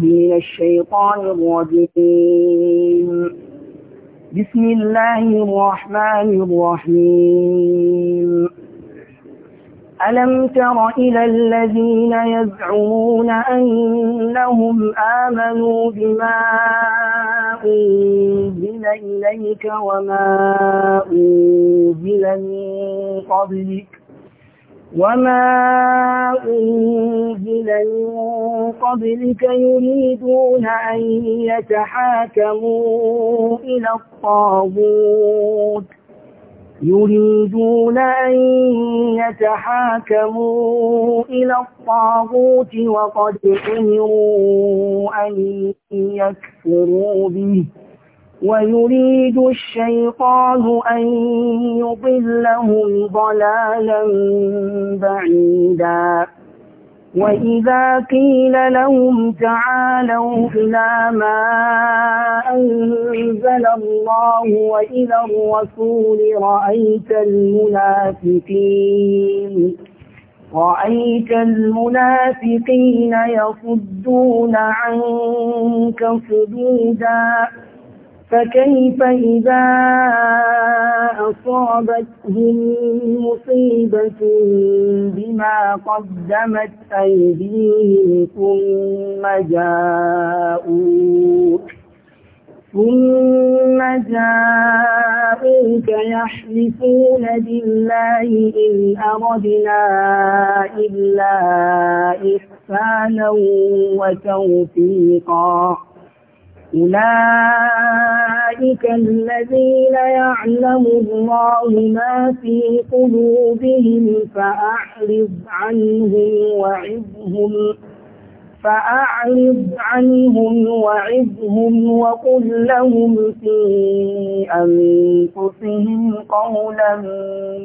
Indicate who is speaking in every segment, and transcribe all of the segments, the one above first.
Speaker 1: بالله من الشيطان الرجيم بسم الله الرحمن الرحيم ألم تر إلى الذين يزعمون أنهم آمنوا بما أنزل إليك وما أنزل من قبلك وما أنزل من قبلك يريدون أن يتحاكموا إلى الطاغوت يريدون أن يتحاكموا إلى الطاغوت وقد أمروا أن يكفروا به ويريد الشيطان أن يضلهم ضلالا بعيدا وإذا قيل لهم تعالوا إلى ما أنزل الله وإلى الرسول رأيت المنافقين رأيت المنافقين يصدون عنك صدودا فكيف إذا أصابتهم مصيبة بما قدمت أيديهم ثم جاءوك ثم جاءوك يحلفون بالله إن أردنا إلا إحسانا وتوفيقا أولئك الذين يعلم الله ما في قلوبهم فأعرض عنهم وعظهم فأعرض عنهم وعظهم وقل لهم في أنفسهم قولا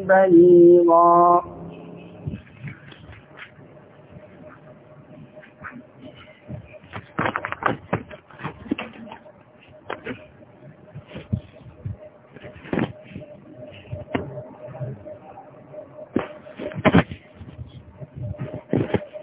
Speaker 1: بليغا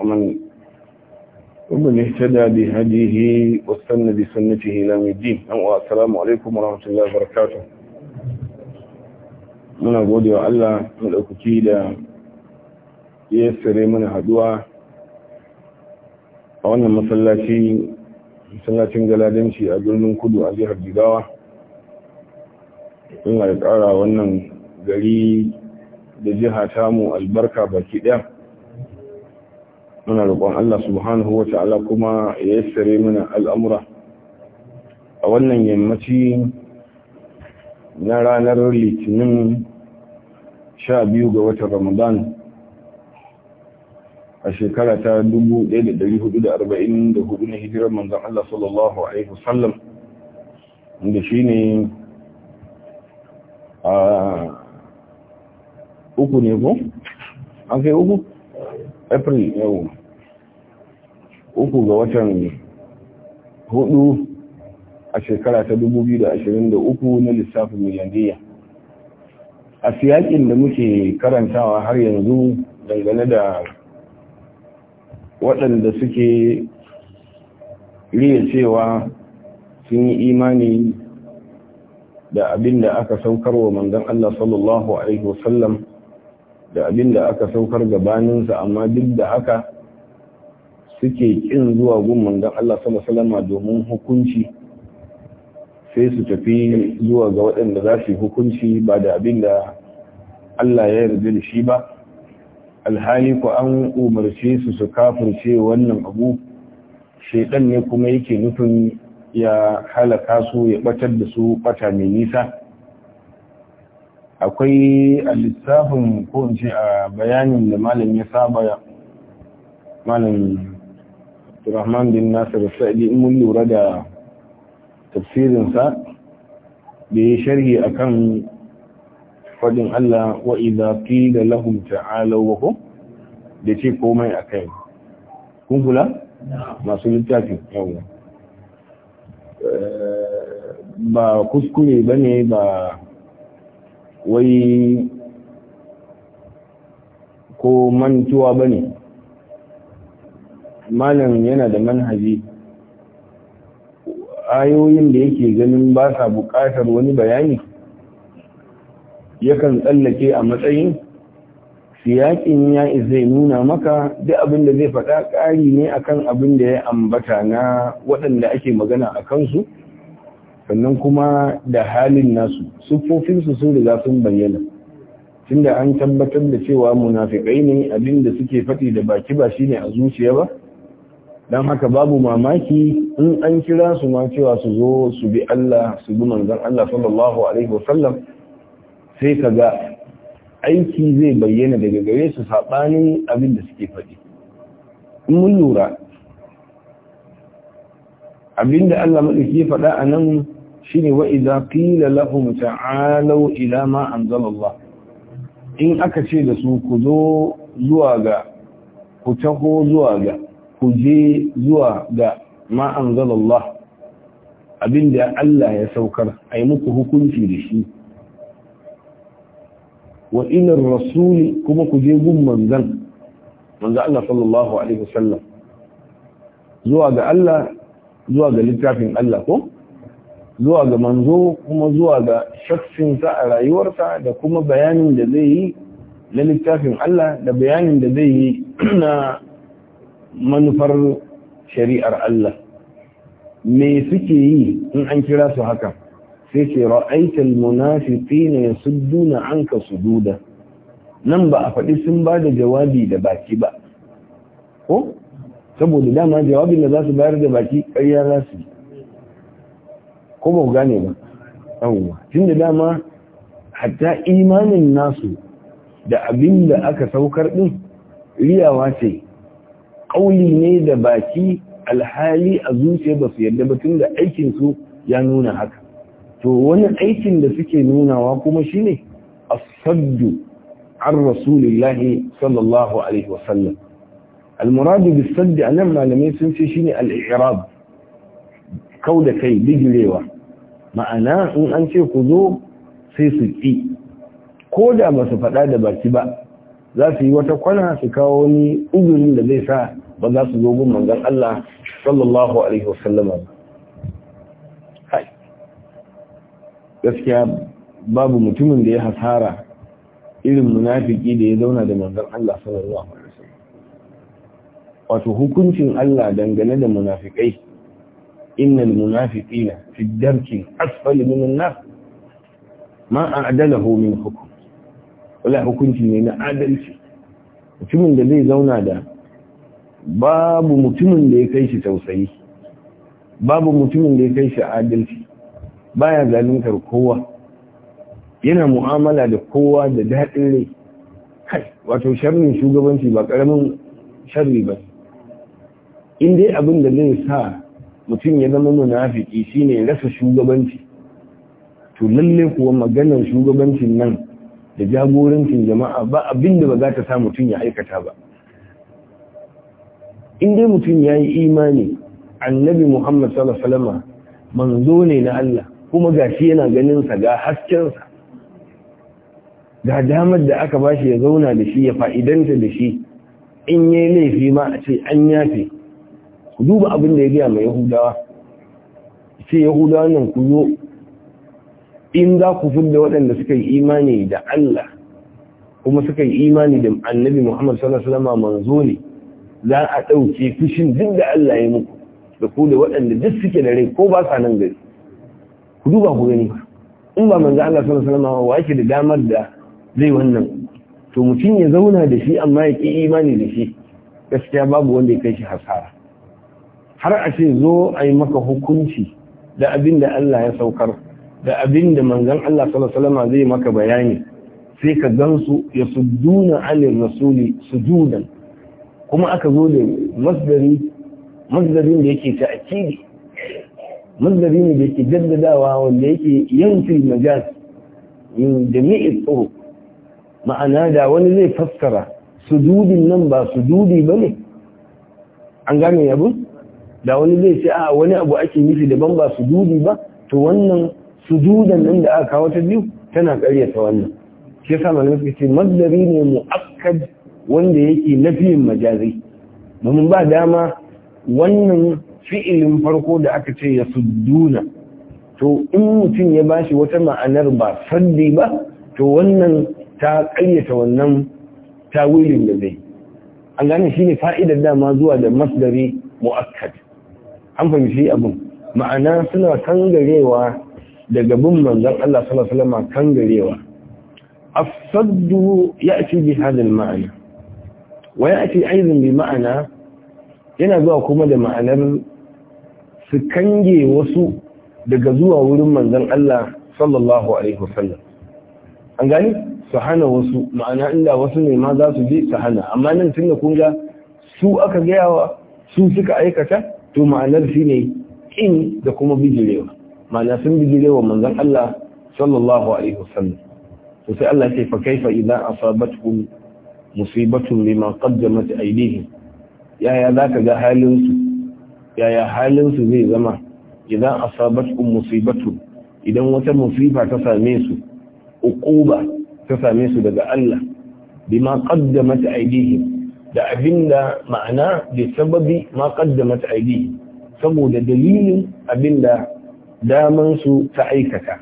Speaker 2: ومن ومن اهتدى بهديه واستنى بسنته الى الدين السلام عليكم ورحمه الله وبركاته muna gode wa Allah maɗaukaki da ya mana haduwa a wannan masallaci masallacin galadanci a birnin kudu a jihar jigawa suna da ƙara wannan gari da jiha tamu albarka baki ɗaya muna roƙon Allah subhanahu wa ta'ala kuma ya tsare mana al'amura a wannan yammaci na ranar litinin sha biyu ga watan ramadan a shekara ta 1444 na hijirar manzan Allah sallallahu Alaihi wasallam inda shi ne a uku ne ko? an kai uku? april yau uku ga watan hudu a shekara ta 2023 na lissafin miliyandiyya a siyakin da muke karantawa har yanzu dangane da waɗanda suke riya cewa sun yi imani da abin da aka saukarwa manzon Allah sallallahu Alaihi wasallam da abin da aka saukar gabaninsa amma duk da haka suke ƙin zuwa gun mangan Allah salama domin hukunci sai su tafi zuwa ga waɗanda za su hukunci ba da abin da Allah ya yarda da shi ba alhali ku an umarce su su kafirce wannan abu shaidan ne kuma yake nufin ya halaka su ya ɓatar da su ɓata mai nisa akwai a littafin ko in ce a bayanin da malam ya saba malam din bin da sa'adi in mun lura da tafsirinsa da ya sharhi akan faɗin Allah wa idza qila lahum ta'alu ko, da ce komai akai kun kula masu littafin yawon eh, ba kuskure ba ne ba wai ko mantuwa ba ne malam yana da manhaji ayoyin da yake ganin ba sa buƙatar wani bayani yakan tsallake a matsayin siyaƙin ya zai nuna maka duk abin da zai faɗa ƙari ne akan abin da ya ambata na waɗanda ake magana a kansu sannan kuma da halin nasu siffofinsu sun riga sun bayyana tunda an tabbatar da cewa munafikai ne abinda suke faɗi da baki ba shine a zuciya ba don haka babu mamaki in an kira su ma cewa su zo su bi Allah su bi manzon Allah sallallahu alaihi wasallam sai kaga aiki zai bayyana daga gare su saɓanin abinda suke faɗi in mun lura abinda Allah madauki ya faɗa a nan shine wa idza qila lahum ta'alu ila ma in aka ce da su ku zo zuwa ga ku taho zuwa ga ku je zuwa ga ma anzalallah abinda Allah ya saukar ai muku hukunci da shi wa rasuli kuma ku je gun manzan Allah sallallahu alaihi wasallam zuwa ga Allah zuwa ga littafin Allah ko zuwa ga manzo kuma zuwa ga shaksinsa a rayuwarsa da kuma bayanin da zai yi na littafin Allah da bayanin da zai yi na manufar shari'ar Allah me suke yi in an kira su haka sai ce ra'aital munafiqina yasudduna anka sududa nan ba a faɗi sun ba da jawabi da baki ba ko saboda dama jawabin da za su bayar da baki ƙarya za su yi ko ba ku gane ba yawwa tun da dama hatta imanin nasu da abin da aka saukar ɗin riyawa ce ƙauli ne da baki alhali a zuciya ba su yadda ba tun da aikinsu ya nuna haka to wani aikin da suke nunawa kuma shine asaddu an lahi sallallahu alaihi wasallam al-muradu bis anan malamai sun ce shine al Kau da kai bigirewa ma'ana in an ce ku zo sai su ƙi ko da ba faɗa da baki ba za su yi wata kwana su kawo wani uzurin da zai sa ba za su zo gun manzan Allah sallallahu alaihi gaskiya babu mutumin da ya hasara irin munafiki da ya zauna da manzan Allah sallallahu wato hukuncin Allah dangane da munafikai innal munafiqina fi darki asfali an nar ma a'dalahu min hukm wala hukunci ne na adalci mutumin da zai zauna da babu mutumin da ya kai shi tausayi babu mutumin da ya kai shi adalci baya zaluntar kowa yana mu'amala da kowa da daɗin rai kai wato sharrin shugabanci ba ƙaramin sharri ba in dai abin da zai sa mutum ya zama munafiki shine rasa shugabanci to lalle kuwa maganar shugabancin nan da jagorancin jama'a ba abin da ba za ta sa mutum ya aikata ba in dai mutum ya yi imani annabi muhammad sallallahu manzo ne na Allah kuma gashi yana ganin sa ga hasken sa. ga damar da aka bashi ya zauna da shi ya fa'idanta da shi in yayi laifi ma a ce an yafe ku duba abin da ya gaya mai yahudawa sai yahudawa nan ku zo in za ku fidda waɗanda suka yi imani da Allah kuma suka yi imani da annabi Muhammad sallallahu alaihi wasallam manzo ne za a ɗauke fushin duk da Allah ya muku da ku da waɗanda duk suke da rai ko ba sa nan gari ku duba ku gani in ba manzo Allah sallallahu alaihi wasallam wa yake da damar da zai wannan to mutum ya zauna da shi amma ya ki imani da shi gaskiya babu wanda ya kai shi hasara har a ce zo a yi maka hukunci da abin da Allah ya saukar da abin da manzan Allah sallallahu alaihi wasallam zai maka bayani sai ka gansu ya sujuna alil rasuli sujudan kuma aka zo da masdari masdarin da yake ta'kidi masdari ne da yake jaddadawa wanda yake yanfi majaz min jami'i tsoro ma'ana da wani zai fassara sujudin nan ba sujudi bane an gane yabo da wani zai ce a wani abu ake nufi daban ba su sujudi ba to wannan su sujudan nan da aka kawo ta biyu tana karyata wannan shi yasa malamai suka ce mazdari ne mu'akkad wanda yake nafiyin majazi domin ba dama wannan fi'ilin farko da aka ce ya sudduna to in mutum ya ba shi wata ma'anar ba saddi ba to wannan ta ta wannan tawilin da zai an gane shine fa'idar dama zuwa da masdari mu'akkad an fahimci abin ma'ana suna kangarewa daga bin manzan Allah sallallahu alaihi wasallam kangarewa as ya'ti bi hadha al-ma'na wa ya'ti aidan bi ma'ana yana zuwa kuma da ma'anar su kange wasu daga zuwa wurin manzan Allah sallallahu alaihi wasallam an gani su hana wasu ma'ana inda wasu ne ma za su je su hana amma nan tunda kun ga su aka gayawa su suka aikata to ma'anar shi ne kin da kuma bijirewa ma'ana sun bijirewa manzan Allah sallallahu alaihi wasallam to sai Allah ya ce fa kaifa idza asabatuhum musibatun lima qaddamat aydihim yaya zaka ga halin su yaya halin su zai zama idan asabatuhum musibatun idan wata musiba ta same su uquba ta same su daga Allah bima qaddamat aydihim da abin da ma'ana da sababi ma qaddamat aidi saboda dalilin abinda daman su ta aikata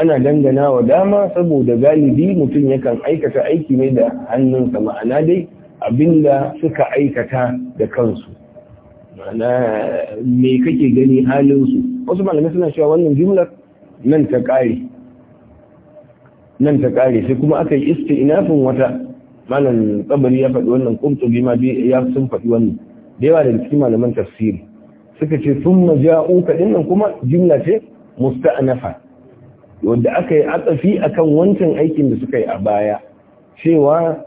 Speaker 2: ana dangana wa dama saboda galibi mutum yakan aikata aiki ne da hannunsa ma'ana dai abin da suka aikata da kansu ma'ana me kake gani halinsu wasu malamai suna cewa wannan jimlar nan ta ƙare nan ta ƙare sai kuma aka yi inafin wata malam tsabari ya faɗi wannan bi ma ya sun faɗi wannan da yawa daga cikin malaman tafsiri suka ce sun maja'uka unka nan kuma jimla ce musta'anafa wanda aka yi atsafi akan wancan aikin da suka yi a baya cewa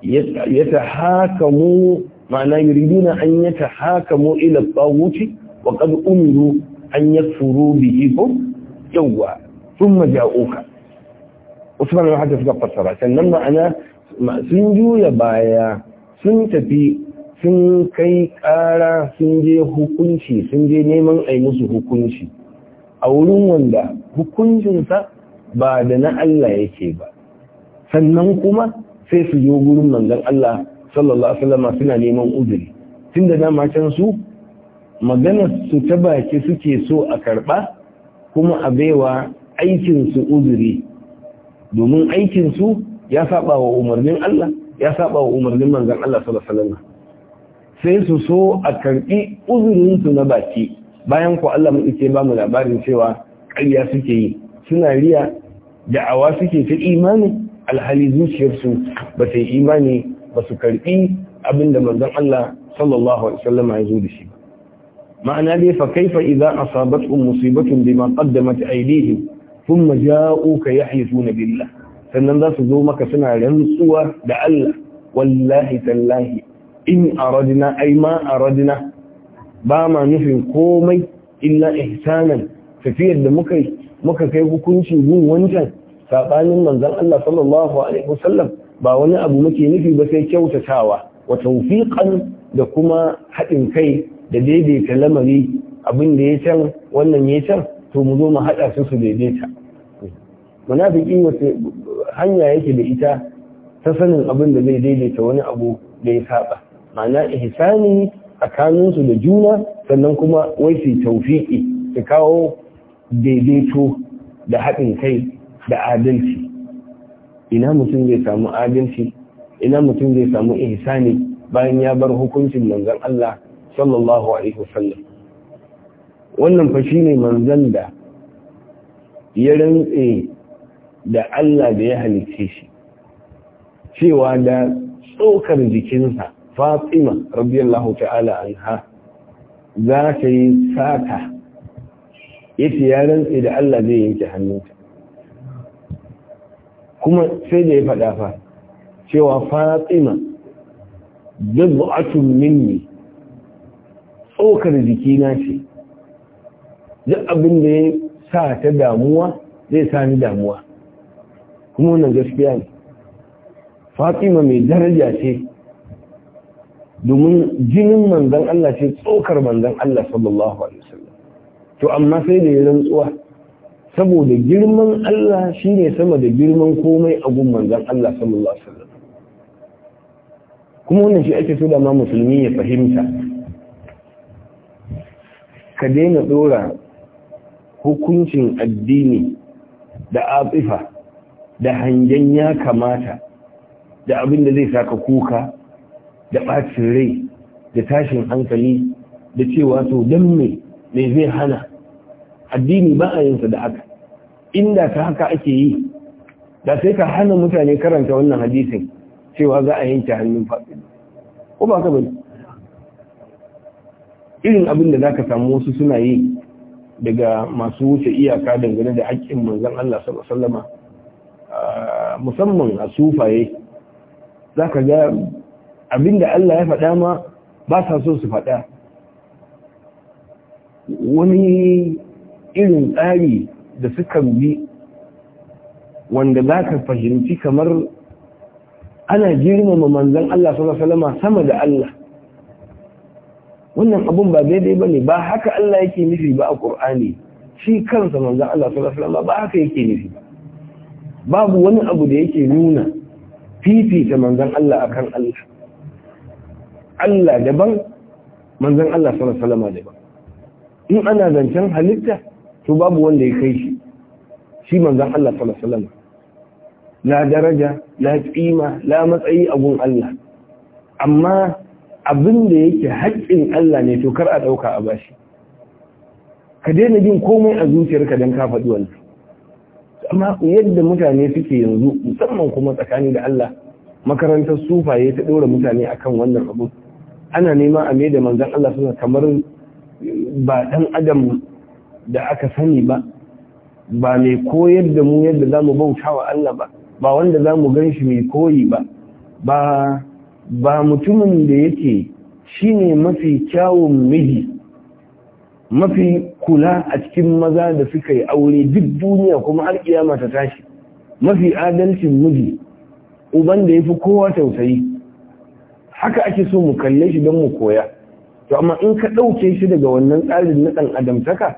Speaker 2: ya ta mu ma'ana yuriduna an ya ta haka mu ila tsawuci wa kad umiru an ya furu bi ko yawwa sun unka usman al-hadith ga fassara sannan ma'ana sun juya baya sun tafi sun kai ƙara sun je hukunci sun je neman a musu hukunci a wurin wanda hukuncinsa ba da na Allah yake ba sannan kuma sai su yi wurin Allah sallallahu alaihi suna neman uzuri tunda dama can su maganar su ta baki suke so a karba kuma a baiwa aikinsu uzuri domin aikinsu. ya saba wa umarnin Allah ya saba wa umarnin manzan Allah sallallahu sai su so a karbi uzurin na baki bayan ku Allah mun ce ba mu labarin cewa ƙarya suke yi suna riya da'awa suke ta imani alhali zuciyarsu ba ta yi imani ba su karbi abinda manzan Allah sallallahu alaihi wasallam ya zo da shi ma'ana dai fa kaifa idza asabatuhum musibatun bima qaddamat aydihim thumma ja'uka yahlifuna billah sannan za su zo maka suna rantsuwa da Allah wallahi tallahi in aradna ai ma aradina ba ma nufin komai illa ihsanan tafiyar da muka muka kai hukunci yin wancan sabanin manzon Allah sallallahu alaihi wasallam ba wani abu muke nufi ba sai kyautatawa wa tawfiqan da kuma haɗin kai da daidaita lamari abin da ya can wannan ya can to mu zo mu haɗa su su daidaita munafiki hanya yake da ita ta sanin abin da zai daidaita wani abu da ya saba ma'ana ihsani tsakaninsu da juna sannan kuma wai su taufiƙi. su kawo daidaito da haɗin kai da adalci ina mutum zai samu adalci ina mutum zai samu ihsani bayan ya bar hukuncin manzon Allah sallallahu alaihi wasallam wannan fa shine manzon da ya rantse da Allah da ya halicce shi cewa da tsokar jikinsa fatima radiyallahu ta'ala anha za ta yi sata yace ya rantse da Allah zai yanke hannunta kuma sai da ya faɗa fa cewa fatima bid'atun minni tsokar jikina ce duk abin da ya sa ta damuwa zai sa ni damuwa kuma wannan gaskiya ne fatima mai daraja ce domin jinin manzan Allah ce tsokar manzan Allah sallallahu alaihi wasallam to amma sai da ya rantsuwa saboda girman Allah shi ne sama da girman komai a gun manzan Allah sallallahu alaihi wasallam kuma wannan shi ake so da ma musulmi ya fahimta ka daina dora hukuncin addini da atsifa da hangen ya kamata da abin da zai saka kuka da ɓacin rai da tashin hankali da cewa to don me me zai hana addini ba a yinsa da haka inda ta haka ake yi da sai ka hana mutane karanta wannan hadisin cewa za a yanke hannun faɗi ko ba ka bane irin abin da za ka samu wasu suna yi daga masu wuce iyaka dangane da haƙƙin manzon Allah sallallahu alaihi wasallama musamman a sufaye za ka ga abinda Allah ya faɗa ma ba sa so su faɗa wani irin tsari da suka bi wanda za ka fahimci kamar ana girmama manzan Allah salama sama da Allah wannan abun ba daidai ba ne ba haka Allah yake nufi ba a ƙur'ani shi kansa manzan Allah salama ba haka yake nufi ba babu wani abu da yake nuna fifita manzan Allah a kan Allah Allah daban manzan Allah salama daban in ana zancen halitta to babu wanda ya kai shi shi manzan Allah salama la daraja la tsima la matsayi abun Allah amma abin da yake haƙƙin Allah ne to kar a ɗauka a bashi ka daina jin komai a zuciyarka don ka faɗi wannan amma yadda mutane suke yanzu musamman kuma tsakani da Allah makarantar sufaye ta ɗora mutane akan wannan abu ana nema a mai da manzan Allah suna kamar ba ɗan adam da aka sani ba ba mai koyar da mu yadda za mu bauta wa Allah ba ba wanda za mu gan shi mai koyi ba ba mutumin da yake shi ne mafi kyawun miji mafi kula a cikin maza da suka yi aure duk duniya kuma har kiyama ta tashi mafi adalcin miji uban da yafi kowa tausayi haka ake so mu kalle shi don mu koya to amma in ka ɗauke shi daga wannan tsarin na ɗan adamtaka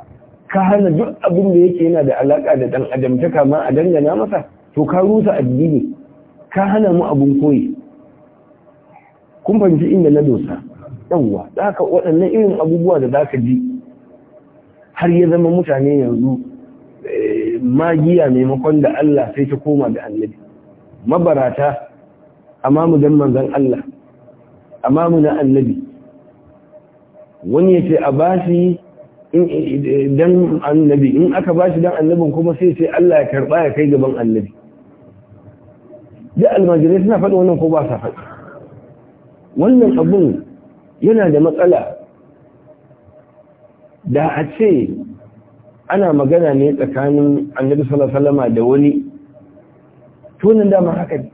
Speaker 2: ka hana duk abin da yake yana da alaka da ɗan adamtaka ma a dangana masa to ka rusa addini ka hana mu abin koyi kun fahimci inda na dosa yawwa za ka waɗannan irin abubuwa da za ka ji har ya zama mutane yanzu eh, magiya maimakon da Allah sai ta koma da annabi mabarata amma mu dan manzon Allah amma mu na annabi wani yace a bashi eh, dan annabi in aka bashi dan annabin kuma sai sai Allah ya karba ya kai gaban annabi da almajirai suna faɗi wannan ko ba sa faɗi wannan abun yana da matsala da a ce ana magana ne tsakanin annabi salama da wani tunan dama haka ne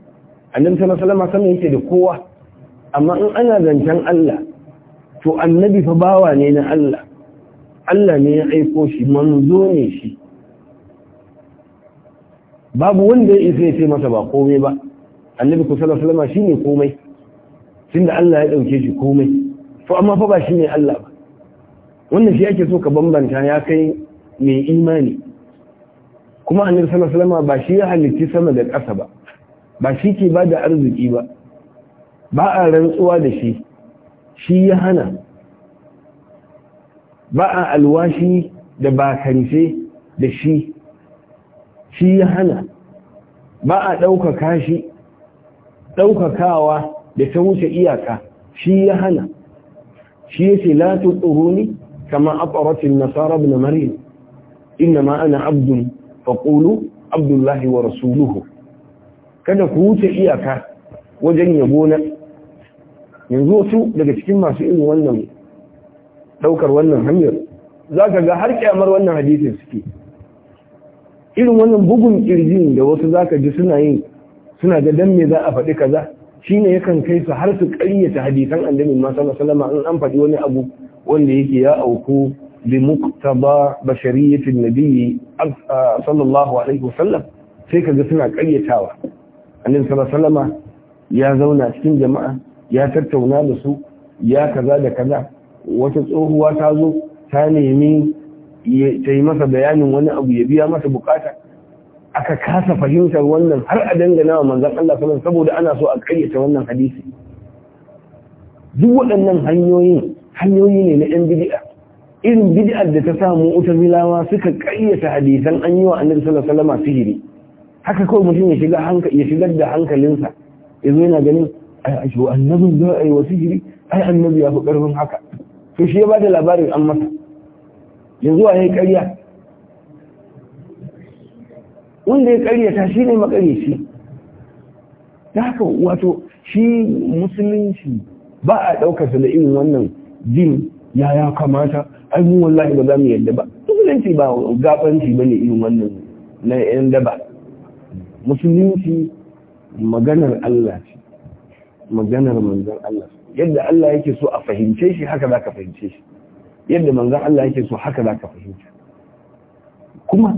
Speaker 2: annabi salama sama yake da kowa amma in ana zancen Allah to annabi fa bawa ne na Allah Allah ne ya aiko shi manzo ne shi babu wanda ya isa ya ce masa ba komai ba annabi ku sallallahu alaihi wasallam shine komai tunda Allah ya dauke shi komai to amma fa ba shine Allah ba wannan shi ake so ka bambanta ya kai mai imani kuma annabi sallallahu alaihi wasallam ba shi ya halitti sama da ƙasa ba ba shi ke ba da arziki ba ba a rantsuwa da shi shi ya hana ba a alwashi da bakance da shi shi ya hana ba a ɗaukaka shi ɗaukakawa da ta wuce iyaka shi ya hana shi ya ce tu tsoro كما أطرت النصارى ابن مريم إنما أنا عبد فقولوا عبد الله ورسوله kada ku wuce iyaka wajen yabo na yanzu wasu daga cikin masu irin wannan daukar wannan hanyar za ka ga har kyamar wannan hadisin suke irin wannan bugun kirjin da wasu za ka ji suna yin suna ga dan me za a faɗi kaza shine yakan kai su har su ƙaryata hadisan annabi ma sallallahu an an faɗi wani abu wanda yake ya auku bi muktaba bashariyatin nabiyyi sallallahu alaihi wasallam sai kaga suna karyatawa annabi sallallahu ya zauna cikin jama'a ya tattauna da su ya kaza da kaza wata tsohuwa ta zo ta nemi ta yi masa bayanin wani abu ya biya masa bukata aka kasa fahimtar wannan har a dangana wa manzan Allah saboda ana so a karyata wannan hadisi duk waɗannan hanyoyin hanyoyi ne na yan bid'a irin bid'ar da ta samu utazilawa suka kayyata hadisan an yi wa annabi sallallahu alaihi wasallam sihiri haka kawai mutum ya shiga hankali ya shigar da hankalinsa yazo yana ganin ai a shi annabi da ai wa sihiri ai annabi ya fi karfin haka to shi ya da labarin an masa yanzu a yi ƙarya wanda ya ƙaryata shi ne makaryaci da haka wato shi musulunci ba a ɗaukarsa da irin wannan jin ya ya kamata ai mu wallahi ba za mu yadda ba musulunci ba gabanci bane irin wannan na yan daba musulunci maganar Allah ce maganar manzon Allah yadda Allah yake so a fahimce shi haka za ka fahimce shi yadda manzon Allah yake so haka za ka fahimce kuma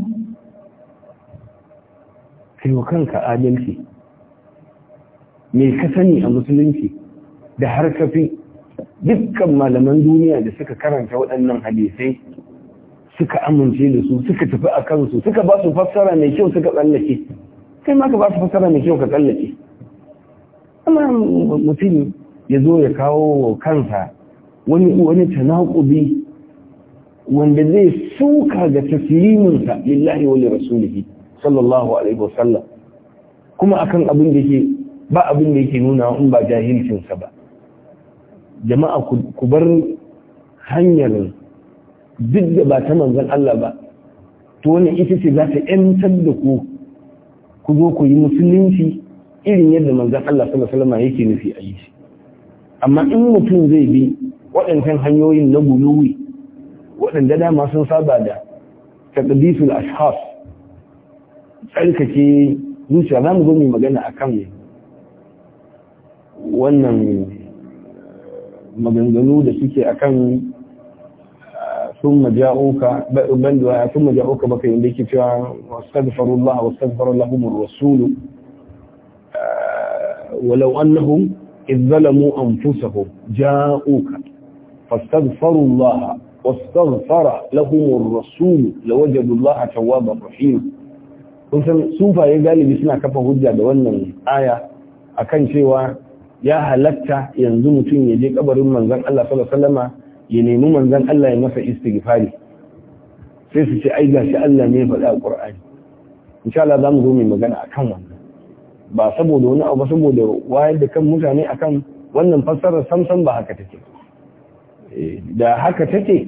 Speaker 2: kai wa kanka adalci me ka sani a musulunci da har ka fi dukkan malaman duniya da suka karanta waɗannan hadisai suka amince da su suka tafi a kansu suka ba su fassara mai kyau suka tsallake kai ma ka ba su fassara mai kyau ka tsallake amma mutum ya zo ya kawo wa kansa wani wani tanakubi wanda zai suka ga tasliminsa lillahi wa rasulihi sallallahu alaihi wa sallam kuma akan abin da yake ba abin da yake nuna in ba jahilcinsa ba jama'a ku bar hanyar duk da ba ta manzan Allah ba to wani ita ce za ta ‘yantar da ku ku zo ku yi musulunci irin yadda manzan Allah sallallahu alaihi yake nufi a yi amma in mutum zai bi waɗancan hanyoyin na guluwi waɗanda dama sun saba da taɗaɗisul ashas tsarkake zuciya za mu zo mai magana a kan wannan maganganu da suke akan sun ah, maja'uka ban da sun maja'uka baka yanda yake cewa wastaghfirullah wastaghfirullah humur rasul ah, walau annahum idh zalamu anfusahum ja'uka fastaghfirullah واستغفر لهم الرسول لوجدوا الله توابا رحيما kun san sufaye galibi suna kafa hujja da wannan aya akan cewa ya halatta yanzu mutum ya je kabarin manzan Allah sallallahu alaihi ya nemi manzan Allah ya masa istighfari sai su ce ai gashi Allah ne faɗa a Qur'ani insha Allah za mu zo mu magana akan wannan ba saboda wani abu saboda wayar da kan mutane akan wannan fassarar samsam ba haka take eh, da haka take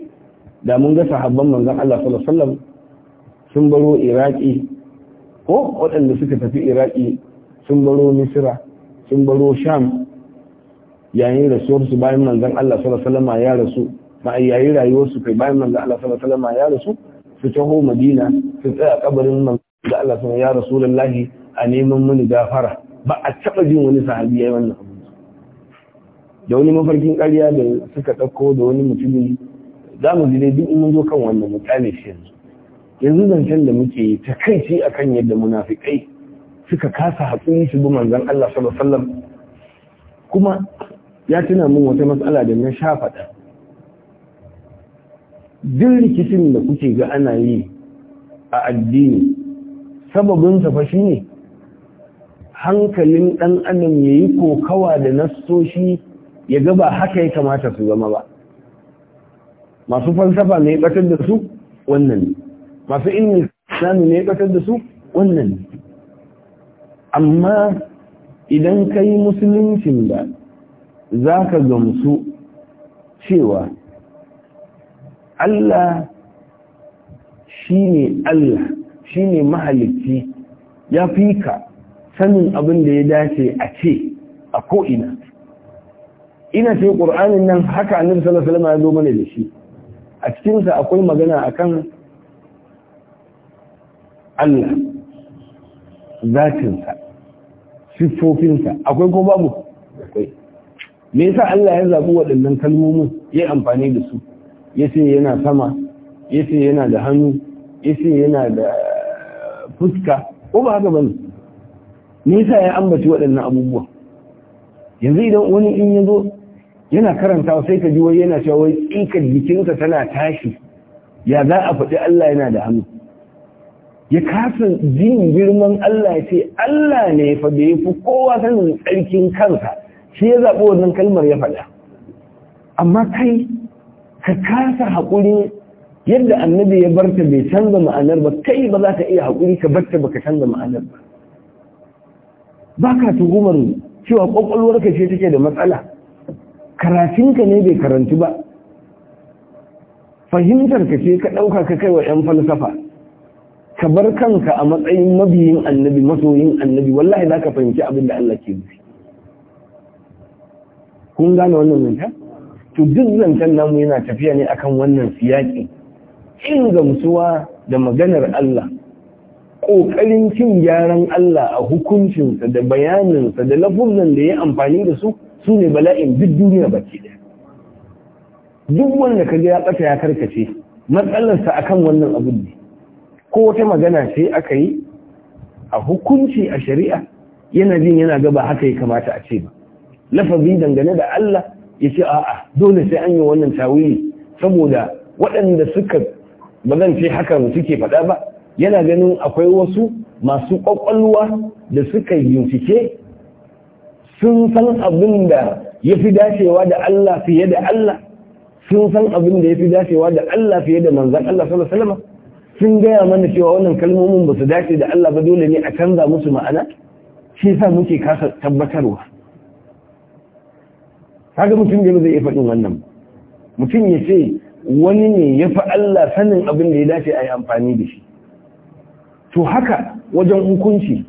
Speaker 2: da mun ga sahabban manzan Allah sallallahu alaihi wasallam sun baro Iraki ko waɗanda suka tafi Iraki sun baro Misra sun baro Sham yayin rasuwarsu bayan manzan Allah sallallahu alaihi wasallam ya rasu ma yayin rayuwarsu kai bayan manzan Allah sallallahu alaihi wasallam ya rasu su taho Madina su tsaya kabarin manzan Allah sallallahu ya rasulullahi a neman mini gafara ba a taba jin wani sahabi yayin wannan abu da wani mafarkin ƙarya da suka ɗauko da wani mutumi za mu ji dai duk mun zo kan wannan mutane shi yanzu yanzu zancen da muke yi ta kai ce akan yadda munafikai suka kasa haƙuri su bi manzan Allah sallallahu alaihi wasallam kuma ya tuna min wata matsala da na sha faɗa duk rikicin da kuke ga ana yi a addini sababin sa fa shine hankalin ɗan adam yayi kokawa da nassoshi ya ga ba haka ya kamata su zama ba masu falsafa ne batar da su wannan masu ilmi sami ne batar da su wannan amma idan ka yi musuluncin da za ka gamsu cewa Allah shi ne Allah shi ne mahalicci ya fi ka sanin abin da ya dace a ce a ko'ina ina ce ƙur'anin nan haka annabi sallallahu alaihi wasallam ya zo mana da shi a cikinsa akwai magana akan Allah zatinsa siffofinsa akwai ko babu akwai me yasa Allah ya zabi waɗannan kalmomin ya amfani da su yace yana sama yace yana da hannu yace yana da fuska ko ba haka bane me yasa ya ambaci waɗannan abubuwa yanzu idan wani in ya zo yana karanta sai ka ji wai yana cewa wai tsinkar jikinsa tana tashi ya za a faɗi Allah yana da hannu ya kasa jin girman Allah ya ce Allah ne fa da ya fi kowa sanin tsarkin kansa shi ya zaɓi wannan kalmar ya faɗa amma kai ka kasa haƙuri yadda annabi ya barta bai canza ma'anar ba kai ba za ka iya haƙuri ka barta ba ka canza ma'anar ba ba ka tuhumar cewa ƙwaƙwalwarka ce take da matsala karatunka ne bai karantu ba fahimtar ka ce ka ɗauka ka kai wa 'yan falsafa ka bar kanka a matsayin mabiyin annabi masoyin annabi wallahi za ka fahimci abin da Allah ke nufi kun gane wannan zancen to duk zancen namu yana tafiya ne akan wannan siyaki in gamsuwa da maganar Allah ƙoƙarin cin gyaran Allah a hukuncinsa da bayaninsa da lafuzan da ya amfani da su sune bala'in duk duniya baki ɗaya duk wanda ka ga ya ɓata ya karkace matsalarsa akan wannan abin ne ko wata magana ce aka yi a hukunci a shari'a yana jin yana gaba haka ya kamata a ce ba lafazi dangane da Allah ya ce a'a dole sai an yi wannan tawili saboda waɗanda suka ba zan ce hakan suke faɗa ba yana ganin akwai wasu masu ƙwaƙwalwa da suka bincike sun san abin da ya fi dacewa da Allah fiye da Allah sun san abin da ya fi dacewa da Allah fiye da manzan Allah sallallahu alaihi wasallam sun gaya mana cewa wannan kalmomin ba su dace da Allah ba dole ne a canza musu ma'ana shi sa muke kasa tabbatarwa kaga mutum ne zai iya faɗin wannan mutum ya ce wani ne ya fi Allah sanin abin da ya dace a yi amfani da shi to haka wajen hukunci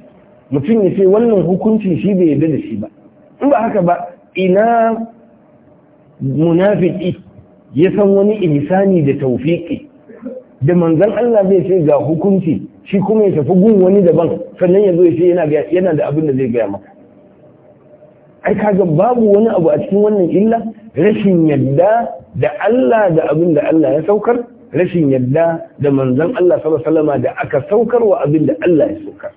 Speaker 2: mutum ya ce wannan hukunci shi bai yarda da shi ba in ba haka ba ina munafiki ya san wani insani da taufiki da manzon Allah zai ce ga hukunci shi kuma ya tafi gun wani daban sannan ya zo ya ce yana da abin da zai gaya maka ai kaga babu wani abu a cikin wannan illa rashin yadda da Allah da abin da Allah ya saukar rashin yadda da manzon Allah sallallahu alaihi wasallam da aka saukar wa abin da Allah ya saukar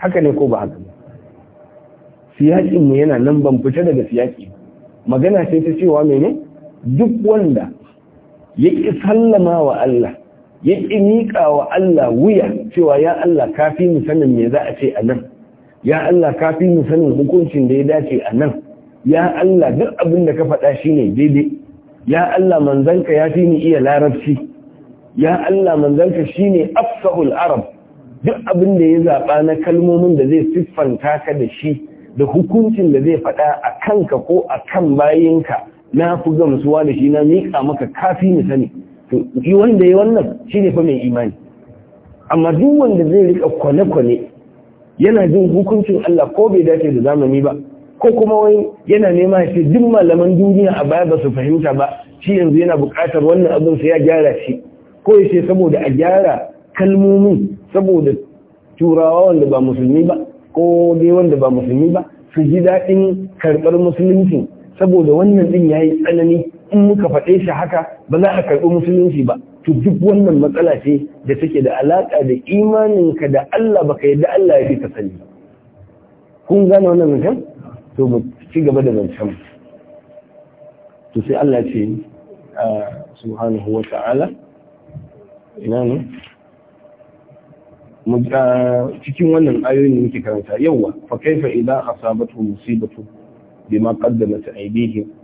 Speaker 2: haka ne ko ba haka ba siyakin mu yana nan ban fita daga siyaki magana sai ta cewa mene duk wanda ya ki sallama wa Allah ya ƙi miƙa wa Allah wuya cewa ya Allah kafi mu sanin me za a ce a nan ya Allah ka fi mu sanin hukuncin da ya dace a nan ya Allah duk abin da ka faɗa shi ne daidai ya Allah manzanka ya fi ni iya larabci ya Allah manzanka shi ne afsahul arab duk abin da ya zaɓa na kalmomin da zai siffanta ka da shi da hukuncin da zai faɗa a kanka ko a kan bayinka na fi gamsuwa da shi na miƙa maka kafi mu sani to wanda ya wannan shi ne fa mai imani amma duk wanda zai rika kwane-kwane yana jin hukuncin Allah ko bai dace da zamani ba ko kuma wai yana nema shi duk malaman duniya a baya ba su fahimta ba shi yanzu yana buƙatar wannan abin sai ya gyara shi ko ya ce saboda a gyara kalmomi saboda turawa wanda ba musulmi ba ko dai wanda ba musulmi ba su ji daɗin karɓar musulunci saboda wannan ɗin ya yi tsanani in muka faɗe shi haka ba za a karɓi musulunci ba to duk wannan matsala ce da take da alaka da imaninka da Allah baka yadda Allah ya fi ka sani kun gane wannan mutum to mu ci gaba da zancen to sai Allah ce ah, subhanahu wa ta'ala ina ne ah, cikin wannan ayoyin da muke karanta yawa fa kaifa idan asabatu musibatu bima qaddamat aydihim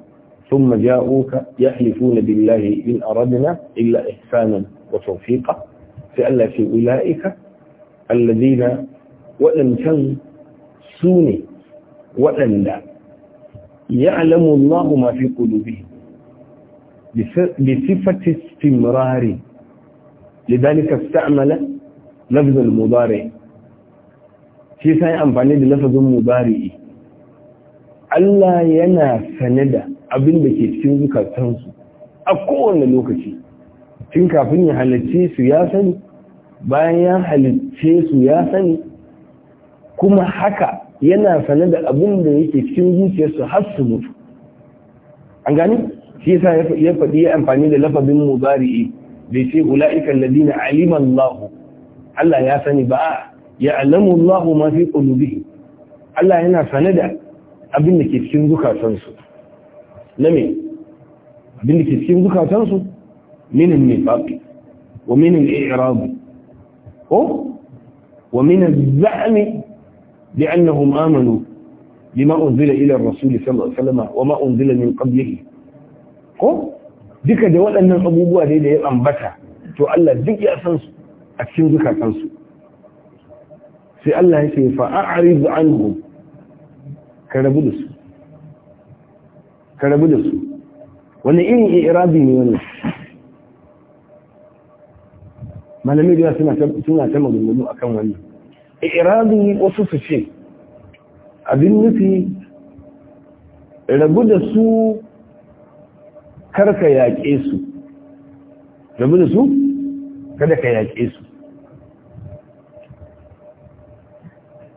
Speaker 2: ثم جاءوك يحلفون بالله إن أردنا إلا إحسانا وتوفيقا فألا في أولئك الذين ولم تنسوني وإن لا يعلم الله ما في قلوبهم بصفة استمرار لذلك استعمل لفظ المضارع في sai amfani da lafazin mubari'i Allah yana abin da ke cikin zukatansu a kowane lokaci tun kafin ya halicce su ya sani bayan ya halicce su ya sani kuma haka yana sane da abin da yake cikin zuciyarsu har su mutu an gani shi yasa ya faɗi ya amfani da lafabin mubari'i bai ce ula'ika alladina alima Allah Allah ya sani ba ya alamu Allah ma fi qulubihi Allah yana sane da abin da ke cikin zukatansu na me abin da ke cikin zukatansu minin faɗi? wa minin i'rab ko wa minin za'mi bi annahum amanu bima unzila ila ar-rasul sallallahu alaihi wasallam wa ma unzila min qablihi ko duka da waɗannan abubuwa dai da ya ambata to Allah duk ya san su a cikin zukatansu sai Allah ya ce fa a'rid anhum ka rabu da su ka rabu da su wani irin irabi ne wannan malami da suna suna ta maganganu akan wannan irabi wasu su ce abin nufi rabu da su karka yaƙe su rabu da su kada ka yaƙe su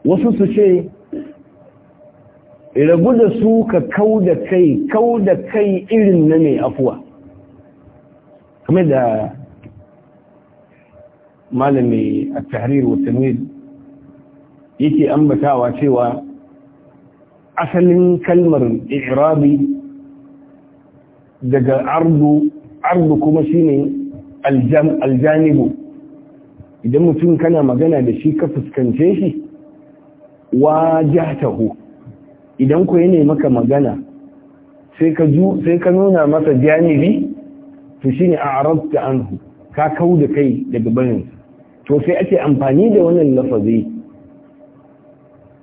Speaker 2: wasu su ce rabu da su ka kau da kai kau da kai irin na mai afuwa kamar da malami a tahrir wa yake ambatawa cewa asalin kalmar i'rabi daga ardu ardu kuma shine ne aljanibu idan mutum kana magana da shi ka fuskance shi Wa wajahtahu idan ku yi ne maka magana sai ka nuna masa janibi to shi ne a arabta ku. ka kau da kai daga barinsa to sai ake amfani da wannan lafazi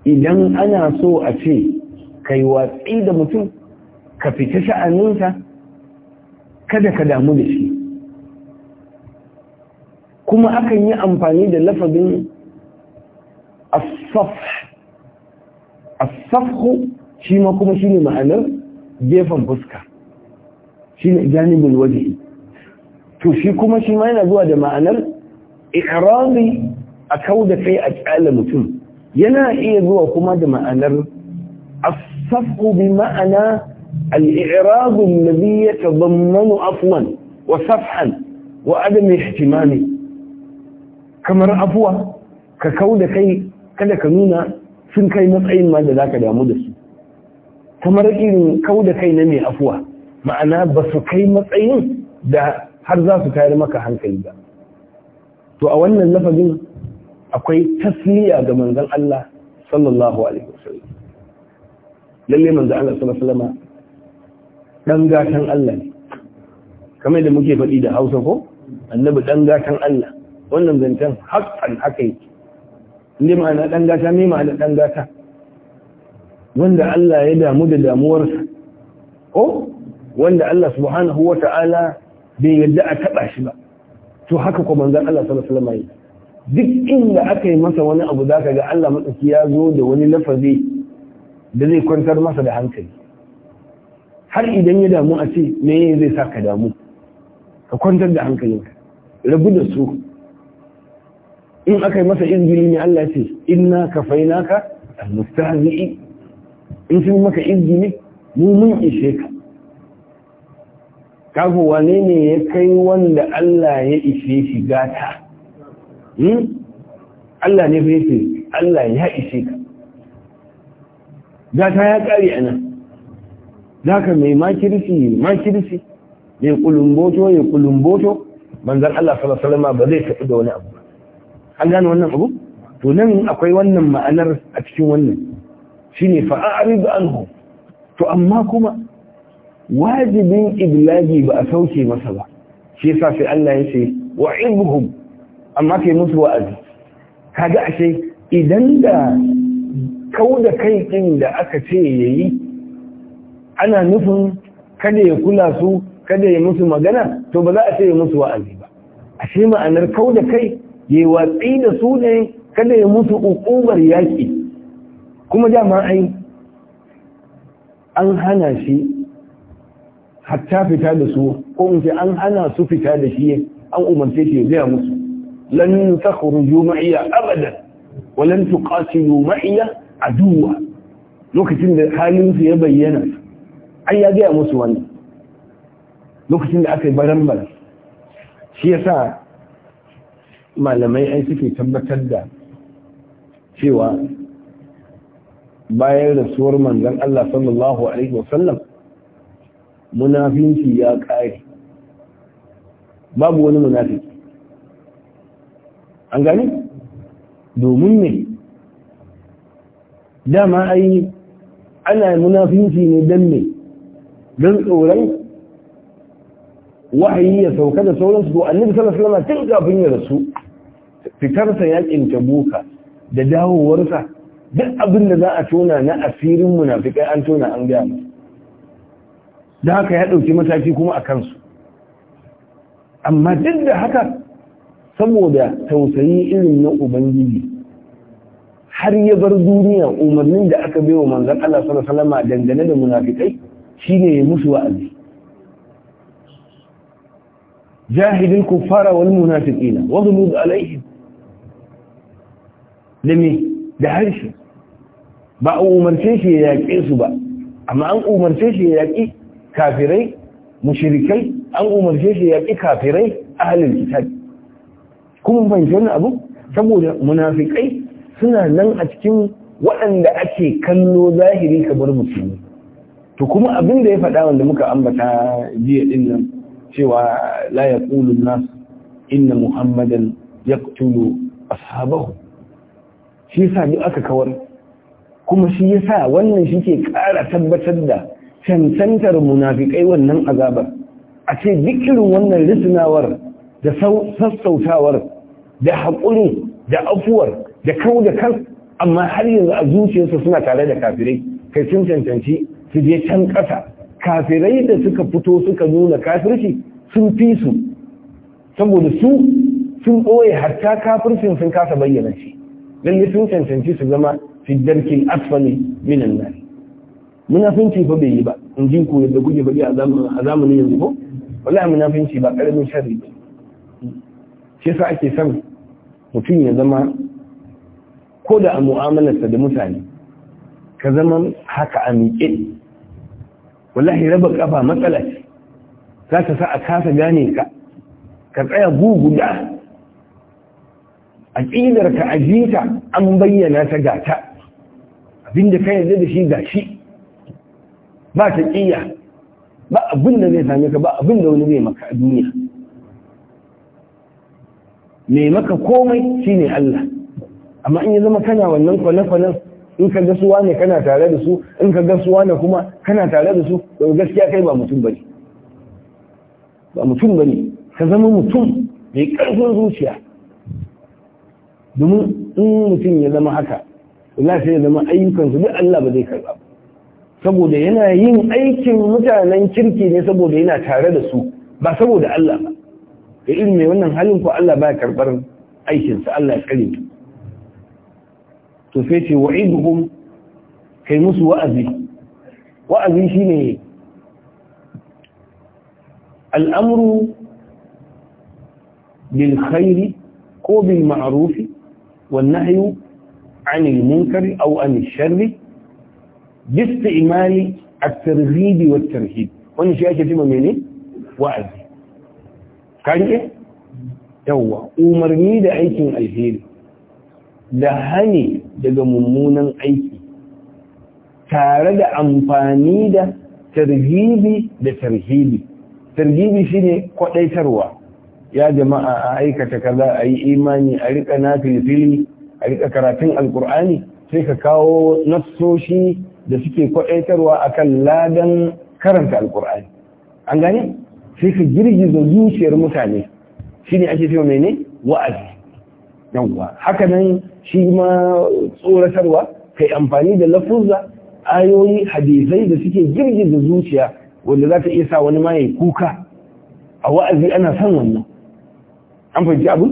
Speaker 2: idan ana so a ce kai watsi da mutum ka fita sha'aninsa kada ka damu da shi kuma akan yi amfani da lafazin asaf as-safhu shi ma kuma shine ma'anar gefen fuska shine janibul wajhi to shi kuma shi ma yana zuwa da ma'anar i'rabi a kauda kai a kyala mutum yana iya zuwa kuma da ma'anar as-safhu bi ma'ana al-i'rab alladhi yatadammanu afwan wa safhan wa adam ihtimami kamar afwa ka kauda kai kada ka nuna sun kai matsayin ma da za ka damu da su kamar irin kau da kai na mai afuwa ma'ana ba su kai matsayin da har za su tayar maka hankali ba to a wannan lafazin akwai tasliya ga manzan Allah sallallahu alaihi wasallam lalle manzon Allah sallallahu alaihi dan gatan Allah ne kamar da muke faɗi da Hausa ko annabi dan gatan Allah wannan zancen haƙƙan haka yake ne ma'ana ɗan gata ne ma'ana ɗan gata wanda Allah ya damu da damuwarsa ko wanda Allah subhanahu wa ta'ala bai yadda a taɓa shi ba to haka ko manzon Allah sallallahu alaihi wasallam duk inda aka yi masa wani abu zaka ga Allah matsaki ya zo da wani lafazi da zai kwantar masa da hankali har idan ya damu a ce me zai saka damu ka kwantar da hankalinka rabu da su in aka yi masa izini ne Allah ce inna kafainaka almustahzi'i in sun maka izini mu mun ishe ka kafu wane ne ya kai wanda Allah ya ishe shi gata hmm? Allah ne fa ce Allah ya ishe ka gata ya kare a nan za ka mai makirci makirci mai kulumboto ya kulumboto manzan Allah sallallahu alaihi wasallam ba zai tafi da wani abu an gane wannan abu to nan akwai wannan ma'anar a cikin wannan shine fa anhu to amma kuma wajibin iblaji ba a sauke masa ba shi yasa sai Allah ya ce wa'idhum amma kai musu wa'azi kaga ashe idan da kauda kai din da aka ce yayi ana nufin kada ya kula su kada ya musu magana to ba za a ce ya musu wa'azi ba ashe ma'anar kauda kai ya watsi da su ne kada ya mutu ukubar yaƙi kuma dama ai an hana shi hatta fita da su ko in ce an hana su fita da shi an umarce shi ya gaya musu lannin takhruju juma'iya abadan wa lan juma'iya a duwa lokacin da halin ya bayyana an ya gaya musu wani. lokacin da aka yi baran shi ya sa. malamai ai suke tabbatar da cewa bayan rasuwar manzon Allah sallallahu alaihi wasallam munafinci ya kare babu wani munafiki an gani domin ne dama ai ana munafinci ne don ne don tsoron wahayi ya sauka da sauransu to annabi sallallahu alaihi wasallam tun kafin ya rasu fitarsa yakin tabuka da dawowarsa duk abin da za a tona na asirin munafikai an tona an gaya mu da haka ya ɗauki mataki kuma a kansu amma duk da haka saboda tausayi irin na ubangiji har ya bar duniya umarnin da aka bai wa manzan Allah sallallahu alaihi dangane da munafikai shine ya musu wa'azi jahidul kuffara wal munafiqina waghlub alaihim da me da harshe ba a umarce shi ya yaƙe su ba amma an umarce shi ya yaƙi kafirai mushirikai an umarce shi ya yaƙi kafirai halin kitab kuma fahimci wani abu saboda munafikai suna nan a cikin waɗanda ake kallo zahiri kamar musulmi to kuma abin da ya faɗa wanda muka ambata jiya ɗin nan cewa la yaqulu nas inna muhammadan yaqtulu ashabahu shi yasa duk aka kawar kuma shi yasa wannan shi ke ƙara tabbatar da cancantar munafikai wannan azabar a ce duk wannan risinawar da sassautawar da haƙuri da afuwar da kau da kan amma har yanzu a zuciyarsa suna tare da kafirai kai sun cancanci su je can ƙasa kafirai da suka fito suka nuna kafirci sun fi su saboda su sun ɓoye hatta kafircin sun kasa bayyana shi lalle sun cancanci su zama fi darkin asfali minan nar munafinci fa bai yi ba in ji ku yadda kuke faɗi a zamanin yanzu ko wallahi munafinci ba karamin sharri ba shi yasa ake son mutum ya zama ko da a mu'amalarsa da mutane ka zama haka a miƙe wallahi raba kafa matsala ce za ka sa a kasa gane ka ka tsaya da aqidar ka ajita an bayyana ta gata abinda ka yarda da shi gashi ba ta ƙiya ba abin da zai same ka ba abin da wani zai maka a duniya mai maka komai shine Allah amma in ya zama kana wannan kwane-kwanen in ka gasuwa ne kana tare da su in ka gasuwa ne kuma kana tare da su da gaskiya kai ba mutum bane ba mutum bane ka zama mutum mai ƙarfin zuciya domin in mutum ya zama haka Allah ya zama ayyukansu duk Allah ba zai karɓa saboda yana yin aikin mutanen kirki ne saboda yana tare da su ba saboda Allah ba da irin mai wannan halin ko Allah ba karɓar aikinsa Allah ya kare to sai ce wa'iduhum kai musu wa'azi wa'azi shine al'amru bil khairi ko bil ma'rufi والنهي عن المنكر أو عن الشر باستعمال الترغيب والترهيب wani shi ake jima mene wa'azi kanye yawwa umarni da aikin alheri da hane daga mummunan aiki tare da amfani da targibi da tarhibi targibi shine kwadaitarwa ya jama'a a aikata kaza a yi imani a rika nafilfili a rika karatun alkur'ani sai ka kawo nassoshi da suke kwaɗaitarwa kan ladan karanta alkur'ani an gane sai ka girgiza zuciyar mutane shi ne ake cewa mene wa'azi yawwa haka nan shi ma tsoratarwa kai amfani da lafuzza ayoyi hadisai da suke girgiza zuciya wanda za ta iya sa wani ma ya kuka a wa'azi ana son wannan an fahimci abin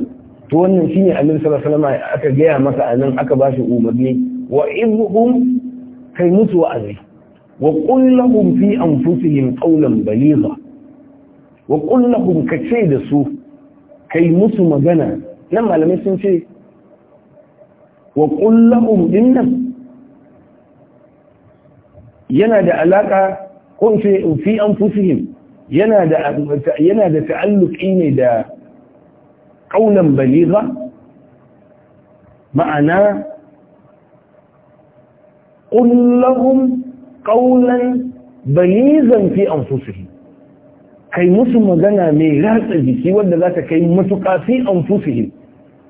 Speaker 2: to wannan shi shine annabi sallallahu alaihi wasallam aka gaya masa anan aka ba shi umarni wa idhum kai mutu wa azri wa qul lahum fi anfusihim qawlan baligha wa qul lahum kace da su kai musu magana nan malamai sun ce wa qul lahum
Speaker 3: dinnan
Speaker 2: yana da alaka ko in ce fi anfusihim yana da yana da ta'alluqi ne da ƙaunan baliga ma'ana ƙullahun ƙaunan balizan fi fusuhi kai musu magana mai ratsa jiki wadda za ta kai matuƙa fi an fusuhi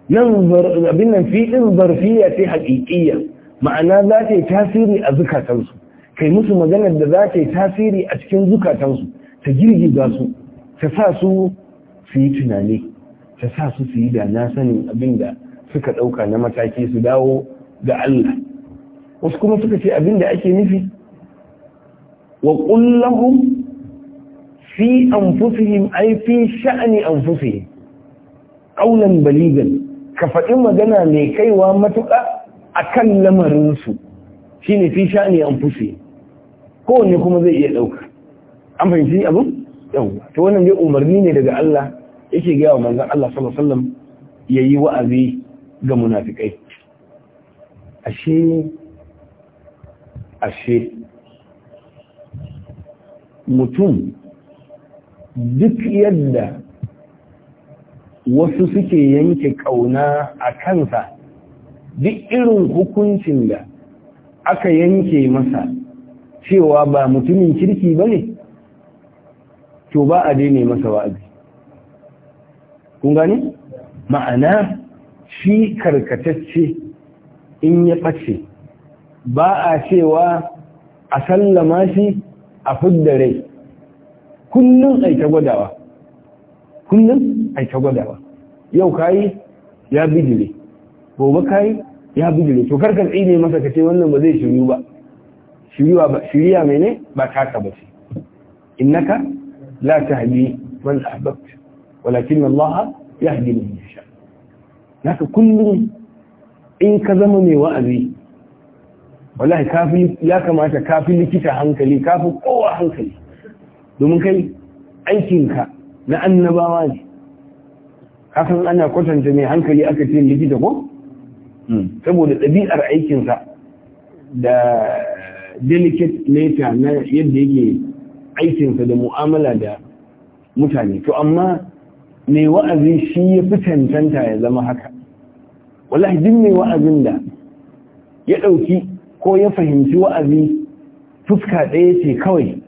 Speaker 2: nan abin nan fiɗin zarfiya ce haƙiƙiya, ma'ana za ta yi tasiri a zukatansu kai musu maganar da za ta yi tasiri a cikin zukatansu ta girgiza su ta sa su su yi tunani ta sa su su yi da na sanin abin da suka ɗauka na mataki su dawo ga Allah wasu kuma suka ce abin da ake nufi wa ƙullahun fi anfusihim ai fi an anfusihim ƙaunan baligan ka faɗi magana mai kaiwa matuƙa akan lamarinsu. Shi ne fi an anfusihim kowanne kuma zai iya ɗauka an fahimci abin yau to wannan dai umarni ne daga Allah yake gaya wa manzan Allah sallallahu alaihi wasallam yayi wa'azi ga munafikai ashe ashe mutum duk yadda wasu suke yanke ƙauna a kansa duk irin hukuncin da aka yanke masa cewa ba mutumin kirki ba ne to ba a daina masa wa'azi kun gani ma'ana shi karkatacce in ya ɓace ba a cewa a sallama shi a fudda rai kullum aita gwadawa kullum aita ta gwadawa yau kayi ya bijire gobe kayi ya bijire to karkar tsine masa ka ce wannan ba zai shiryu ba shiriya ba shiriya ba taka ba ce innaka la tahdi wanda ahbabta walakin Allah yahdi man yasha naka kullum in ka zama mai wa'azi wallahi ya kamata kafi likita hankali kafi kowa hankali domin kai aikinka na annabawa ne kasan ana kwatanta mai hankali aka ce likita ko hmm. saboda ɗabi'ar aikinsa da delicate nature na yadda yake aikinsa da mu'amala da mutane to amma mai wa'azi shi ya fi cancanta ya zama haka wallahi jin mai wa'azin da ya ɗauki ko ya fahimci wa'azi fuska ɗaya ce kawai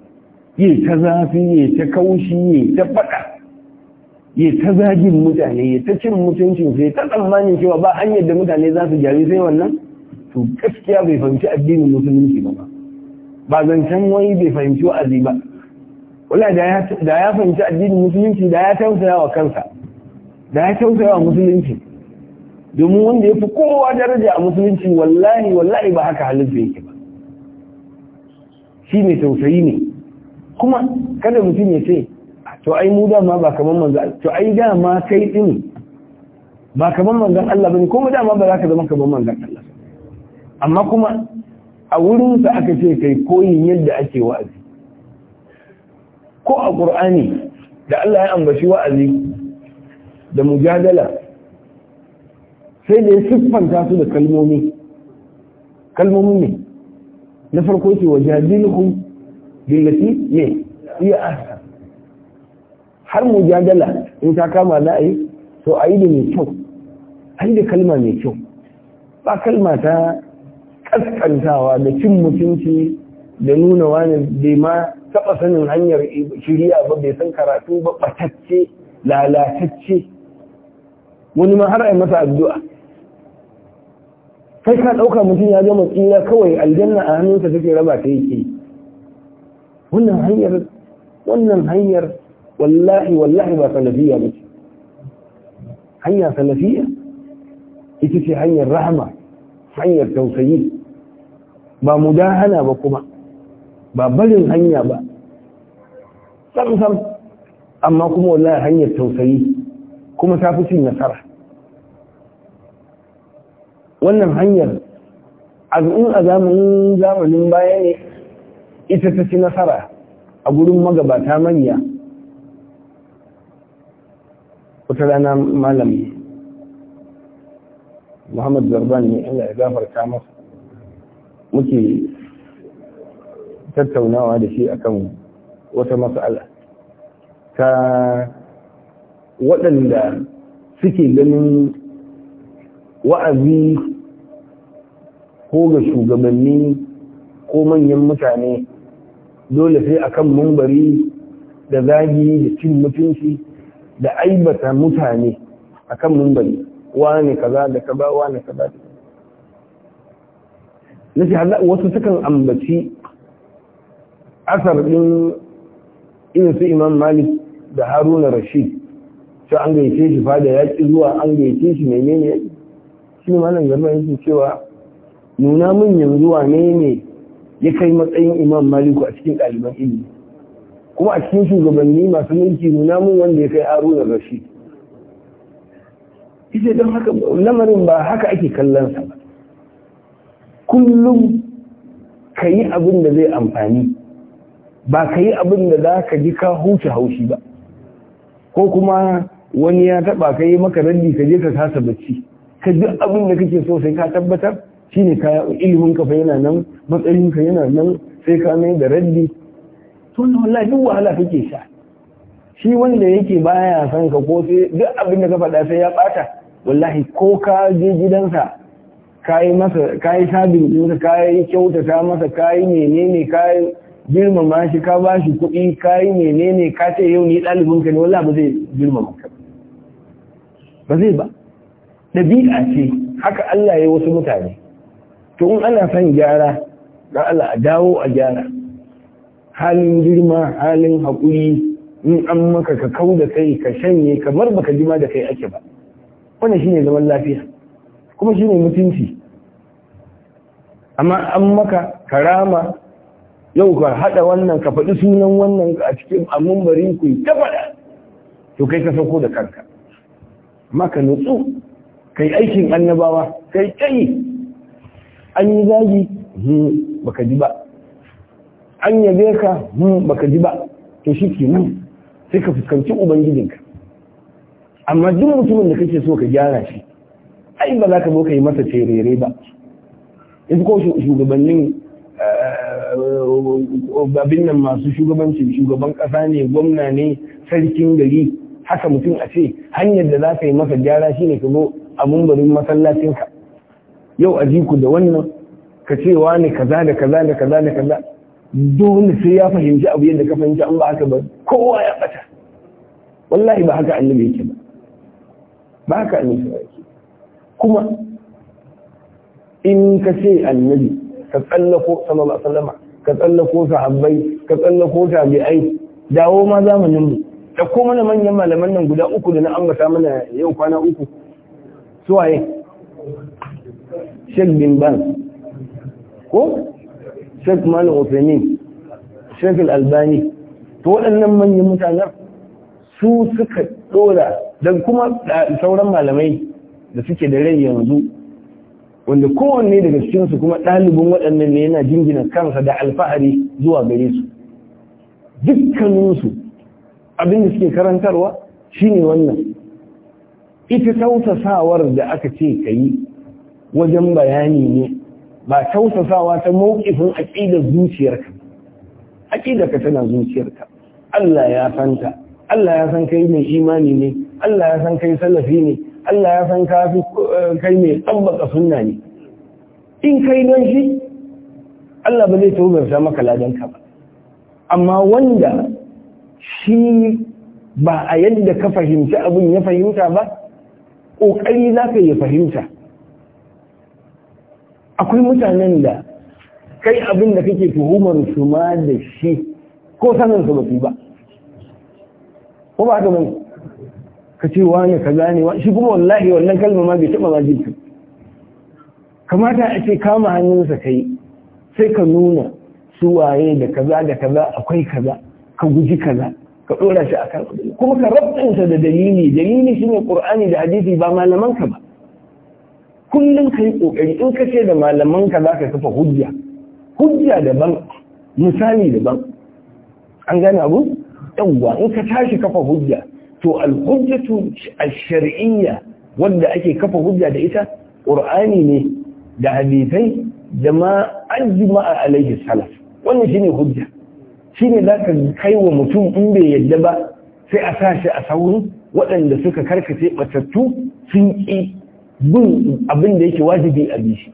Speaker 2: yi ta zafi yi ta kaushi yi ta faɗa yi ta zagin mutane yi ta cin mutuncin sai ta tsammanin cewa ba hanyar da mutane za su jari sai wannan to gaskiya bai fahimci addinin musulunci ba ba zancen wani bai fahimci wa'azi ba wala da ya fahimci addinin musulunci da ya tausaya wa kansa da ya tausaya wa musulunci domin wanda ya fi kowa daraja a musulunci wallahi wallahi ba haka halittu yake ba shi mai tausayi ne kuma kada mutum ya ce to ai mu dama ba kamar manzo to ai dama kai din ba kamar manzo Allah bane kuma dama ba za ka zama kamar manzo Allah amma kuma a wurin sa aka ce kai koyin yadda ake wa'azi ko a ƙur'ani da Allah ya ambaci wa'azi da mujadala sai da ya siffanta su da kalmomi kalmomi ne na farko ce wa jadilhum billati ne iya asa har mujadala in ta kama za a yi to a yi da mai kyau a yi da kalma mai kyau ba kalma ta kaskantawa da cin mutunci da nuna wani bai ma taɓa sanin hanyar shirya ba bai san karatu ba ɓatacce lalatacce wani ma har a yi masa addu'a kai ka ɗauka mutum ya zama tsira kawai aljanna a hannunsa take raba ta yake wannan hanyar wannan hanyar wallahi wallahi ba salafiya ba ce hanya salafiya ita ce hanyar rahama hanyar tausayi ba mudahana ba kuma ba barin hanya ba sam sam. amma kuma wallahi hanyar tausayi kuma ta fi cin nasara wannan hanyar in a zamanin baya ne ita ta ci nasara a gurin magabata manya wata rana malami muhammadu zarban ne inda ya gafarta masu. muke tattaunawa da shi akan wata mas'ala ta waɗanda suke ganin wa'azi ko ga shugabanni ko manyan mutane dole sai akan mumbari da zagi da cin mutunci da aibata mutane akan mumbari wane kaza da kaza wane kaza da na ce wasu sukan ambaci asar ɗin irin su imam malik da haruna rashid shi an gaice shi fada ya ƙi zuwa an gaice shi menene ne shi ne malam zama yake cewa nuna min yanzu wane ne ya kai matsayin imam maliku a cikin ɗaliban ilimi kuma a cikin shugabanni masu mulki nuna min wanda ya kai haruna rashid ita don haka lamarin ba haka ake kallon sa ba
Speaker 1: kullum
Speaker 2: ka yi abin da zai amfani ba ka yi abin da za ka ji ka huce haushi ba ko kuma wani ya taba ka yi maka raddi ka je ka kasa bacci ka duk abin da kake so sai ka tabbatar shine ka ilimin ka yana nan matsayin ka yana nan sai ka mai da raddi to ne wallahi duk wahala kake sha shi wanda yake baya son ka ko sai duk abin da ka faɗa sai ya bata wallahi ko ka je gidansa kayi masa kayi sabin ka kayi kyautata masa kayi menene kayi girmama shi ka ba shi kuɗi ka yi menene ka ce yau ni ɗalibinka ne wala ba zai girmama ka ba zai ba ɗabi'a ce haka Allah ya wasu mutane to in ana son gyara ga Allah a dawo a gyara halin girma halin haƙuri in an maka ka kau da kai ka shanye kamar baka jima da kai ake ba wannan shine zaman lafiya kuma shine mutunci amma an maka karama yau ka haɗa wannan ka faɗi sunan wannan a cikin amumbari ku ta faɗa to kai ka sauko da kanka amma ka nutsu kai aikin annabawa kai kai an yi zagi hmm, baka ji ba an yabe ka hmm, baka ji ba to shi ke nan sai ka fuskanci ubangijinka amma duk mutumin da kake so ka gyara shi ai ba za ka zo ka yi masa tere ba yanzu ko shugabannin Eh, abin nan masu shugabancin shugaban ƙasa ne gwamna ne sarkin gari haka mutum a ce hanyar da za ka yi masa gyara ne ka zo a mumbarin masallacinka yau a jiku da wannan ka ce wani kaza da kaza da kaza da kaza dole sai ya fahimci abu yadda ka fahimci an ba haka ba kowa ya bata wallahi ba haka annabi yake ba ba haka annabi yake kuma in ka ce annabi ka tsallako sallallahu alaihi wasallama ka tsallako sahabbai ka tsallako tabi'ai dawo ma zamanin mu da ko mana manyan malaman nan guda uku da na ambata mana yau kwana uku suwaye Sheikh bin Ban ko Sheikh mal Uthaymeen Sheikh Al-Albani to waɗannan manyan mutanen su suka dora dan kuma sauran malamai da suke da rai yanzu wanda kowanne daga cikinsu kuma ɗalibin waɗannan ne yana jingina kansa da alfahari zuwa gare su dukkaninsu abin da suke karantarwa shine wannan ita tausasawar da aka ce ka yi wajen bayani ne ba tausasawa ta mawukifin aƙidar zuciyarka ka tana zuciyarka Allah ya santa Allah ya san kai mai imani ne Allah ya san kai salafi ne Allah ya san eh, kai mai tsabbaka sunna ne in kai don shi Allah ba zai taubarta maka ladanka ba amma wanda shi ba a yadda ka fahimci abin ya fahimta ba ƙoƙari za ka yi fahimta akwai mutanen da kai abin da kake tuhumar su ma da shi ko sanin su ba ba ko ba haka bane ka ce wani ka gane shi kuma wallahi wannan kalma ma bai taɓa wajibci kamata a ce kama hannunsa kai sai ka nuna su waye da kaza da kaza akwai kaza ka guji kaza ka ɗora shi akan kuma ka sa da dalili dalili shine qur'ani da hadisi ba malaman ka ba kullum ka yi in ka ce da malamanka za ka kafa hujja hujja daban misali daban an gane abu yawwa in ka tashi kafa hujja to al-hujjatu al-shar'iyya wanda ake kafa hujja da ita qur'ani ne da hadisai da ma a alaihi salaf wannan shine hujja shine zaka kai wa mutum in bai yadda ba sai a sa shi a saurin waɗanda suka karkace batattu sun ƙi bin abin da yake wajibi a bishi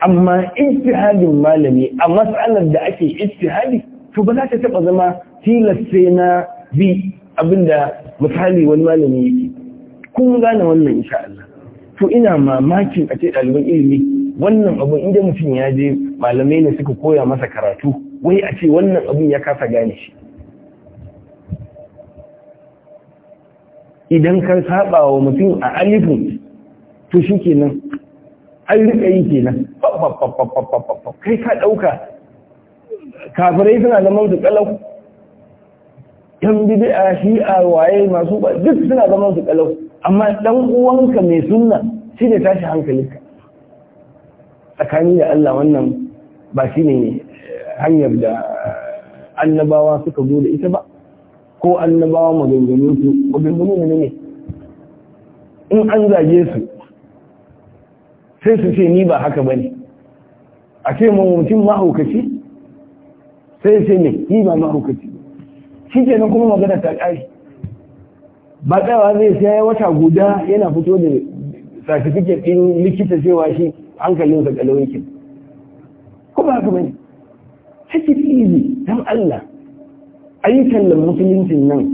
Speaker 2: amma ijtihadin malami a matsalar da ake ijtihadi to ba za ta taɓa zama tilasta na bi abinda misali wani malami yake kun gane wannan insha Allah to ina mamakin a ce ɗaliban ilimi wannan abin inda mutum ya je malamai ne suka koya masa karatu wai a ce wannan abun ya kasa gane shi idan ka saba wa mutum a alifin to shi kenan an rika yi kenan kai ka ɗauka kafirai suna da mamta kalau yan bid'a a waye masu ba duk suna zaman su kalau amma dan uwanka mai suna shi ne tashi hankalinka tsakani da Allah wannan ba shi ne eh, hanyar da eh, annabawa suka zo da ita ba ko annabawa maganganun su maganganun ne ne in an zage su sai su ce ni ba haka ba ne a ce mutum mahaukaci sai sai ne ni ba mahaukaci shi nan kuma magana ta ƙari ba tsayawa zai sai wata guda yana fito da certificate ɗin likita cewa shi hankalinsa ƙalau yake kuma haka bane take it easy dan Allah ayyukan da musulunci nan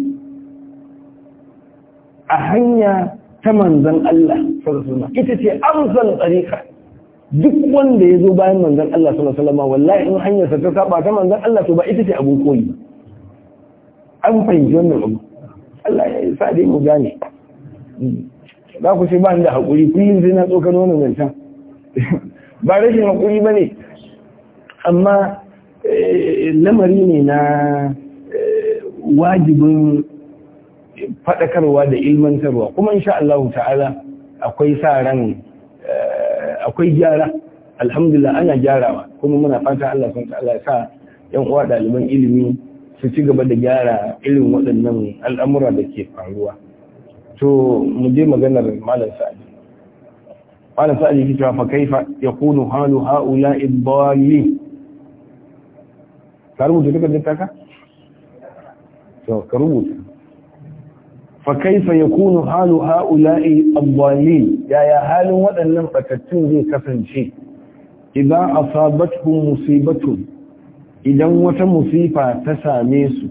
Speaker 2: a hanya ta manzan Allah sarsuna ita ce amsal tsarika duk wanda ya zo bayan manzan Allah sallallahu alaihi wasallam wallahi in hanyarsa ta saba ta manzan Allah to ba ita ce abun koyi ba an fahimci wannan abu Allah ya sa dai mu gane za ku ce ba da haƙuri kun yi na tsokar wani zancen ba rashin haƙuri ba ne amma eh, lamari ne na eh, wajibin faɗakarwa da ilmantarwa kuma insha Allah ta'ala akwai sa ran eh, akwai gyara alhamdulillah ana gyarawa kuma muna fata Allah sun ta'ala sa yan uwa ɗaliban ilimi su ci gaba da gyara irin waɗannan al'amura da ke faruwa to mu je maganar malam sa'adi malam sa'adi ki cewa fa kaifa kunu halu haula idalli ka rubuta duka dinka ka to ka rubuta fa kaifa kunu halu haula idalli yaya halin waɗannan fatattun zai kasance idan a asabatuhum musibatun idan wata musifa ta same su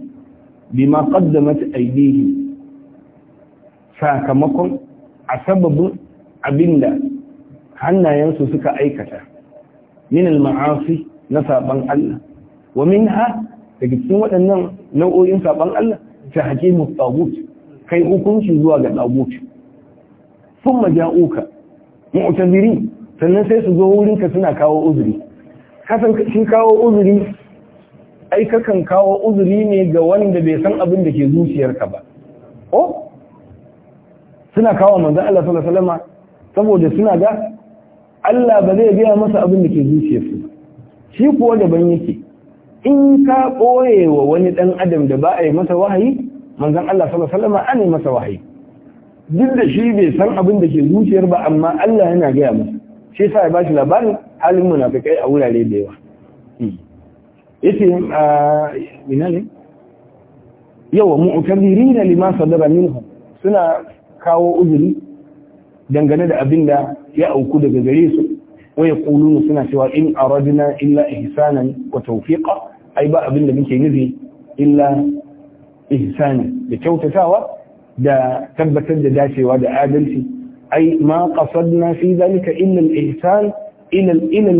Speaker 2: bima kaddamata aidihi sakamakon a sababin abinda hannayensu suka aikata min al-ma'asi na saban Allah wa ha, daga cikin waɗannan nau'o'in saban Allah ta mu tagut kai hukunci zuwa ga Sun thumma ja'uka mu'tazirin sannan sai su zo wurinka suna kawo uzuri kasan shi kawo uzuri ai kakan kawo uzuri ne ga wanda bai san abin da ke zuciyarka ba oh suna kawo manzon Allah sallallahu alaihi wasallam saboda suna ga Allah ba zai gaya masa abin da ke zuciyarsa ba shi kuwa daban yake in ka koyewa wani ɗan adam da ba a yi masa wahayi manzon Allah sallallahu alaihi wasallam an yi masa wahayi duk da shi bai san abin da ke zuciyar ba amma Allah yana gaya masa shi yasa ya bashi labarin halin munafikai a wurare da yawa hmm. yace ah, ina ne yawa mu'tadirina lima sadara suna kawo uzuri dangane da abin da ya auku daga gare su waya kulunu suna cewa in aradna illa ihsanan wa tawfiqa ai ba abin da muke nufi illa ihsani da kyautatawa da tabbatar da dacewa da adalci ai ma qasadna fi zalika illa al-ihsan ila ila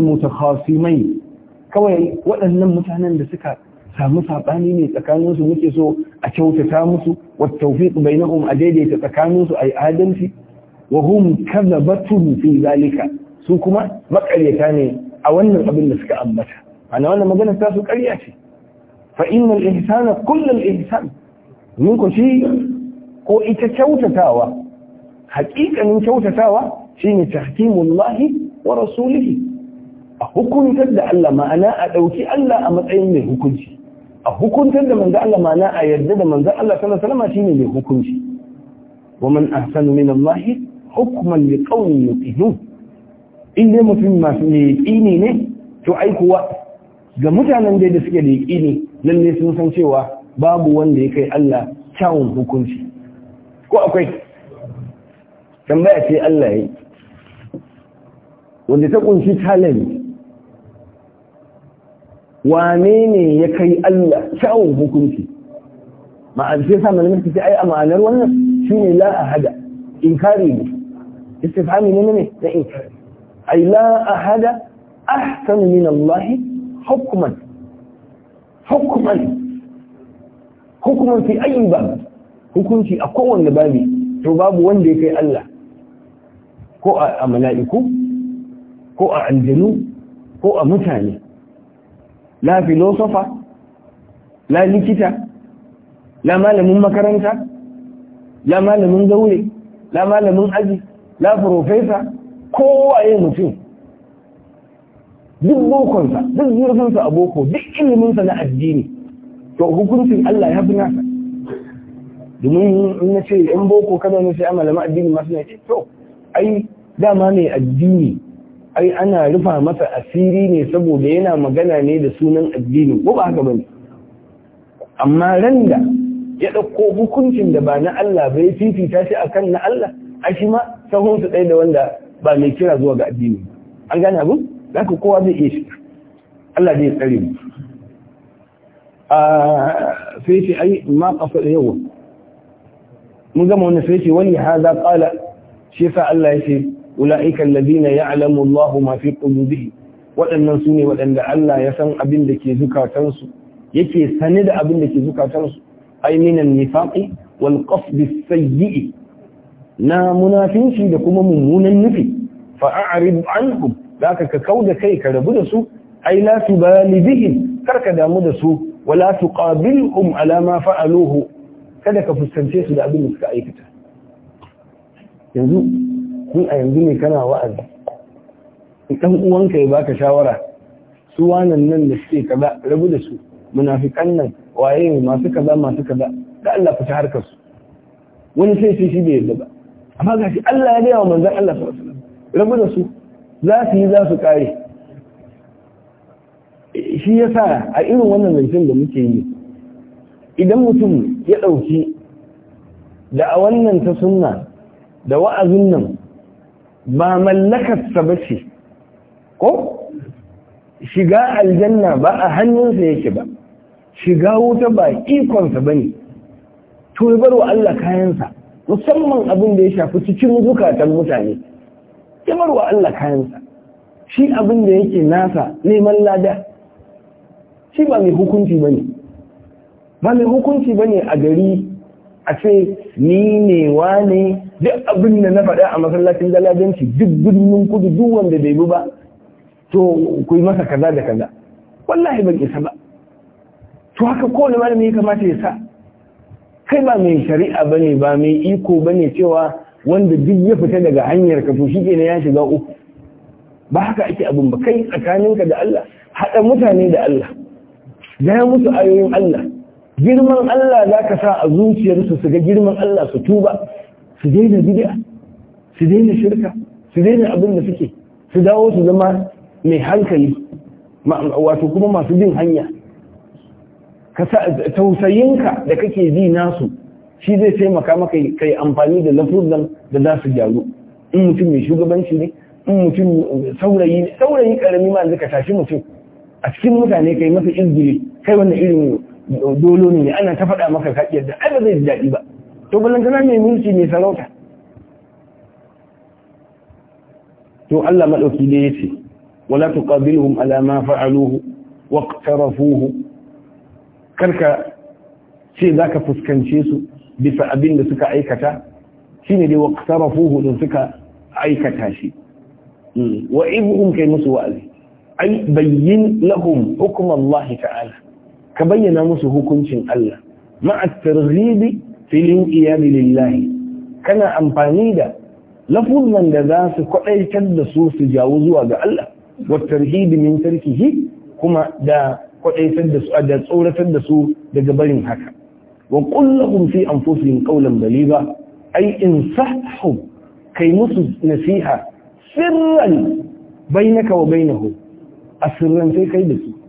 Speaker 2: kawai waɗannan mutanen da suka samu saɓani ne tsakaninsu muke so a kyautata musu wata taufiq bainahum a daidaita tsakaninsu a yi adalci wa hum batun fi zalika su kuma makaryata ne a wannan abin da suka ambata ana wannan magana ta su ƙarya ce fa innal ihsana kullal ihsan mun ko shi ko ita kyautatawa hakikanin kyautatawa shine tahkimullahi wa rasulihi a hukuntar da Allah ma'ana a ɗauki Allah a matsayin mai hukunci a hukuntar da manzo Allah ma'ana a yarda da manzo Allah sallallahu alaihi wasallam shine mai hukunci wa man ahsanu min Allah hukman li yuqinun in dai mutum masu yaqini ne to ai kuwa ga mutanen da suke da nan ne sun san cewa babu wanda ya kai Allah kyawun hukunci ko akwai tambaya ce Allah ya yi. wanda ta kunshi talent wane ne ya kai Allah kyawun hukunci ma'ana sai sa malamin ta ce ai a ma'anar wannan ne la in kare ne istifhami ne ne na kare ai la a ahsanu min Allah hukuman. Hukuman hukuman fi ayin ba hukunci a kowanne babi to babu wanda ya kai Allah ko a mala'iku ko a aljanu ko a mutane la filosofa la likita la malamin makaranta la malamin zaure la malamin aji la profesa kowaye mutum duk bokonsa duk zurfinsa a boko duk iliminsa na addini to hukuncin Allah ya fi nasa domin na ce yan boko kada na sai a malamin addini masu ce to ai dama ne addini ai ana rufa masa asiri ne saboda yana magana ne da sunan addini ko ba haka bane amma randa ya dauko hukuncin da ba na Allah bai fifita shi akan na Allah a shi ma sahun su ɗaya da wanda ba mai kira zuwa ga addini an gane abin za ka kowa zai iya shi Allah zai tsare mu a sai ce ai ma kafa da yawa mun gama wannan sai ce wani haza kala shi sa Allah ya ce أولئك الذين يعلم Allahu ما في قلوبهم waɗannan sune waɗanda Allah ya san abin da ke zukatansu yake sani da abin da ke zukatansu ai minan nifaqi wal qasdi sayyi na munafinci da kuma mummunan nufi fa a'rid anhum zaka ka kauda kai ka rabu da su ai la tubali bihim karka damu da su wala tuqabilhum ala ma fa'aluhu kada ka fuskance su da abin da suka aikata yanzu kun a yanzu ne kana wa'azi Idan uwanka ya baka shawara su wannan nan da suke kaza rabu da su munafikan nan waye ne masu kaza masu kaza da Allah fita harkar su wani sai shi shi bai yarda ba amma gashi Allah ya gaya wa manzon Allah sallallahu alaihi wasallam rabu da su za su yi za su kare shi yasa a irin wannan zancen da muke yi idan mutum ya dauki da a wannan ta sunna da wa'azin nan ba mallakarsa ba ce ko shiga aljanna ba a hannunsa yake ba shiga wuta ba ikonsa ba ne to ya barwa Allah kayansa musamman abin da ya shafi cikin zukatan mutane ya barwa Allah kayansa shi abin da yake nasa neman lada shi ba mai hukunci ba ne ba mai hukunci ba ne a gari a ce ni ne wane duk abin da na faɗa a masallacin daladanci duk birnin kudu duk wanda bai bi ba to ku yi masa kaza da kaza wallahi ban isa ba to haka kowane malami ya kamata ya sa kai ba mai shari'a bane ba mai iko bane cewa wanda duk ya fita daga hanyar ka to shi ya shiga uku ba haka ake abin ba kai tsakaninka da Allah haɗa mutane da Allah gaya musu ayoyin Allah girman Allah za ka sa a zuciyarsu su ga girman Allah su tuba su daina bid'a su daina shirka su daina abin da suke su dawo su zama mai hankali wato kuma masu bin hanya ka sa tausayinka da kake ji nasu shi zai taimaka maka kai amfani da lafuzan da za su gyaru in mutum mai shugabanci ne in mutum saurayi ne saurayi karami ma zaka tashi mutum a cikin mutane kai masa izgiri kai wannan irin dolo ne ana ta faɗa maka ka da ai zai ji daɗi ba to balantana mai mulki mai sarauta to Allah maɗauki da yace wala tuqabiluhum ala ma fa'aluhu waqtarafuhu karka ce zaka fuskance su bisa abin da suka aikata shine dai waqtarafuhu da suka aikata shi hmm. wa ibhum kai musu wa'azi ay bayyin lahum hukm Allah ta'ala ka bayyana musu hukuncin Allah ma'a targhibi filin iyali lillahi kana amfani da lafuzan da za su kwaɗaitar da su su jawo zuwa ga Allah wa tarhibi min tarkihi kuma da kwaɗaitar da su da tsoratar da su daga barin haka wa qul lahum fi anfusihim qawlan baliga ay sahu. kai musu nasiha sirran bainaka wa bainahu asirran sai kai da su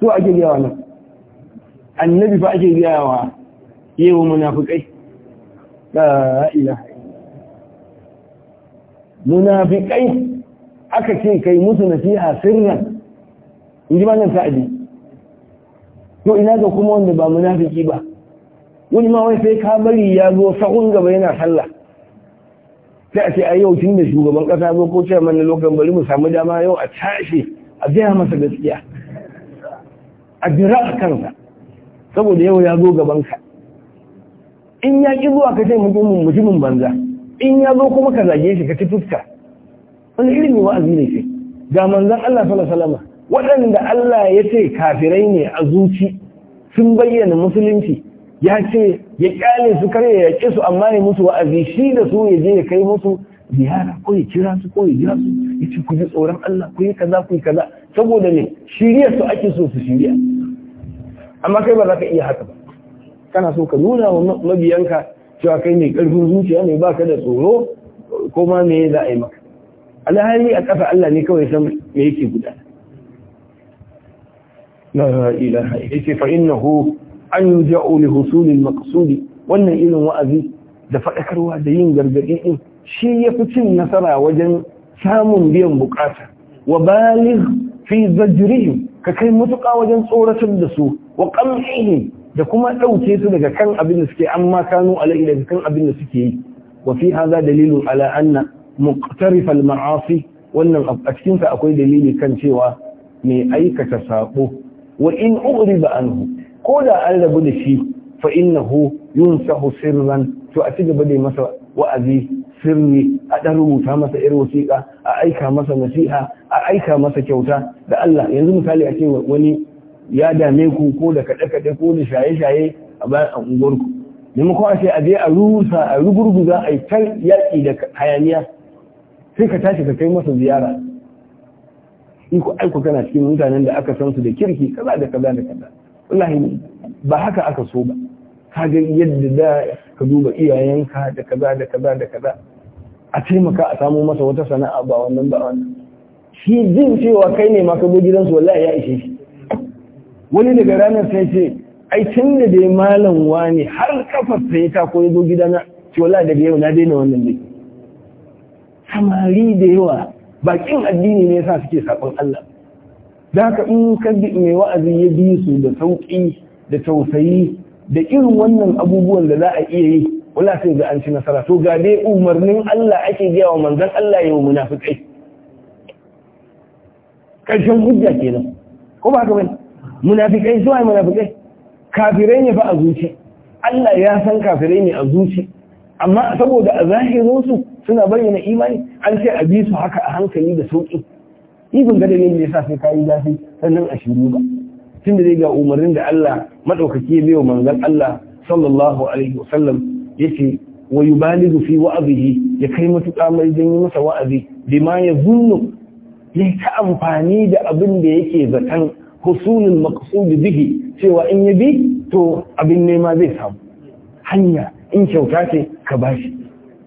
Speaker 2: Ko ake biya nan annabi fa ake wa yawan munafikai la ilaha munafikai aka ce kai musu nasiha sirran in ji nan sa'adi to ina ga kuma wanda ba munafiki ba wani ma wai sai ka bari ya zo sahun gaba yana sallah sai a ce a yau tun da shugaban kasa zo ko ce mana lokacin bari mu samu dama yau a tashi a gaya masa gaskiya a jira a kansa saboda yau ya zo gabanka in ya ƙi zuwa ka ce mutumin banza in ya zo kuma ka zage shi ka ci fuska wani irin wa'azi ne sai ga manzan Allah sallallahu alaihi waɗanda Allah ya ce kafirai ne a zuci sun bayyana musulunci ya ce ya ƙyale su kare ya ƙi su amma ya musu wa'azi shi da su ya je ya kai musu ziyara ko ya kira su ko ya jira su ya ce ku ji tsoron Allah ku yi kaza ku yi kaza saboda ne shirya su ake so su shirya amma kai ba za ka iya haka ba kana so ka nuna wa mabiyanka cewa kai mai karfin zuciya ne baka da tsoro ko ma me za a yi maka alhali a ƙasa Allah ne kawai san me yake guda la ilaha illa fa innahu an yuja'u li husul al wannan irin wa'azi da faɗakarwa da yin gargadi din shi fi cin nasara wajen samun biyan bukata wa baligh fi zajrihim ka kai mutuƙa wajen tsoratar da su wa qamhihim da kuma ɗauke su daga kan abin da suke amma kanu alai daga kan abin da suke yi wa fi hadha dalilun ala anna ma'asi wannan a cikin akwai dalili kan cewa mai aikata sabo wa in ugriba anhu ko da an rabu da shi fa innahu yunsahu sirran to a ci gaba da masa wa'azi sirri a ɗan rubuta masa irin wasiƙa a aika masa nasiha a aika masa kyauta da Allah yanzu misali a ce wani ya dame ku ko da kaɗe-kaɗe ko da shaye-shaye a bayan unguwarku maimakon a sai a je a rusa a rugurguza a yi can yaƙi da hayaniya sai ka tashi ka kai masa ziyara in ku aiko kana cikin mutanen da aka san su da kirki kaza da kaza da kaza wallahi ba haka aka so ba ka ga yadda da ka duba iyayenka da kaza da kaza da kaza a taimaka a samu masa wata sana'a ba wannan ba wannan shi jin cewa kai ne maka zo gidansu wallahi ya ishe shi wani daga ranar sai ce ai tun da dai malam wani har kafar sai ta koyi zo gidana ce wallahi daga yau na daina wannan ne samari da yawa bakin addini ne yasa suke sakon Allah da haka in ka mai wa'azi ya bi su da sauki da tausayi da irin wannan abubuwan da za a iya yi wala sai ga an ci nasara to ga dai umarnin Allah ake ga wa manzon Allah yau munafikai karshen hujja kenan ko ba ga wani munafiki zuwa munafiki kafirai ne fa a zuci Allah ya san kafirai ne a zuci amma saboda a zahirin su suna bayyana imani an ce a bi su haka a hankali da sauki Ibin ban ne ne yasa sai kayi zafi sannan a shiru ba tunda dai ga umarnin da Allah madaukaki ya bayo manzon Allah sallallahu alaihi wasallam yace wa yubaligu fi wa'azihi ya kai matuƙa mai yi masa wa'azi bima ya zunnu ya ta amfani da abin da yake zatan husulul maqsud bihi cewa in yabi to abin nema zai samu hanya in kyauta ce ka bashi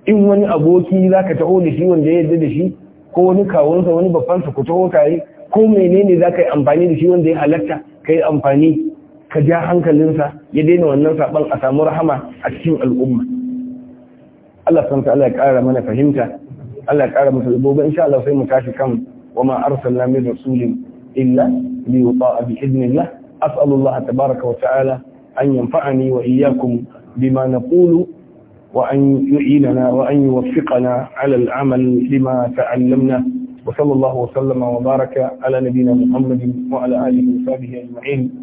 Speaker 2: in wani aboki zaka taho da shi wanda ya yarda da shi ko wani kawunsa wani sa ku taho tare ko menene zaka yi amfani da shi wanda ya halatta kai amfani ka ja hankalinsa ya daina wannan saban a samu rahama a cikin al'umma Allah san Allah ya ƙara mana fahimta Allah ya ƙara masa gobe insha Allah sai mu tashi kan wa ma arsalna min rasulin illa li yuta'a bi idnillah as'alu Allah wa ta'ala an yanfa'ani wa iyyakum bima naqulu wa an yu'inana wa an yuwaffiqana 'ala al-'amal lima ta'allamna وصلى الله وسلم وبارك على نبينا محمد وعلى آله وصحبه أجمعين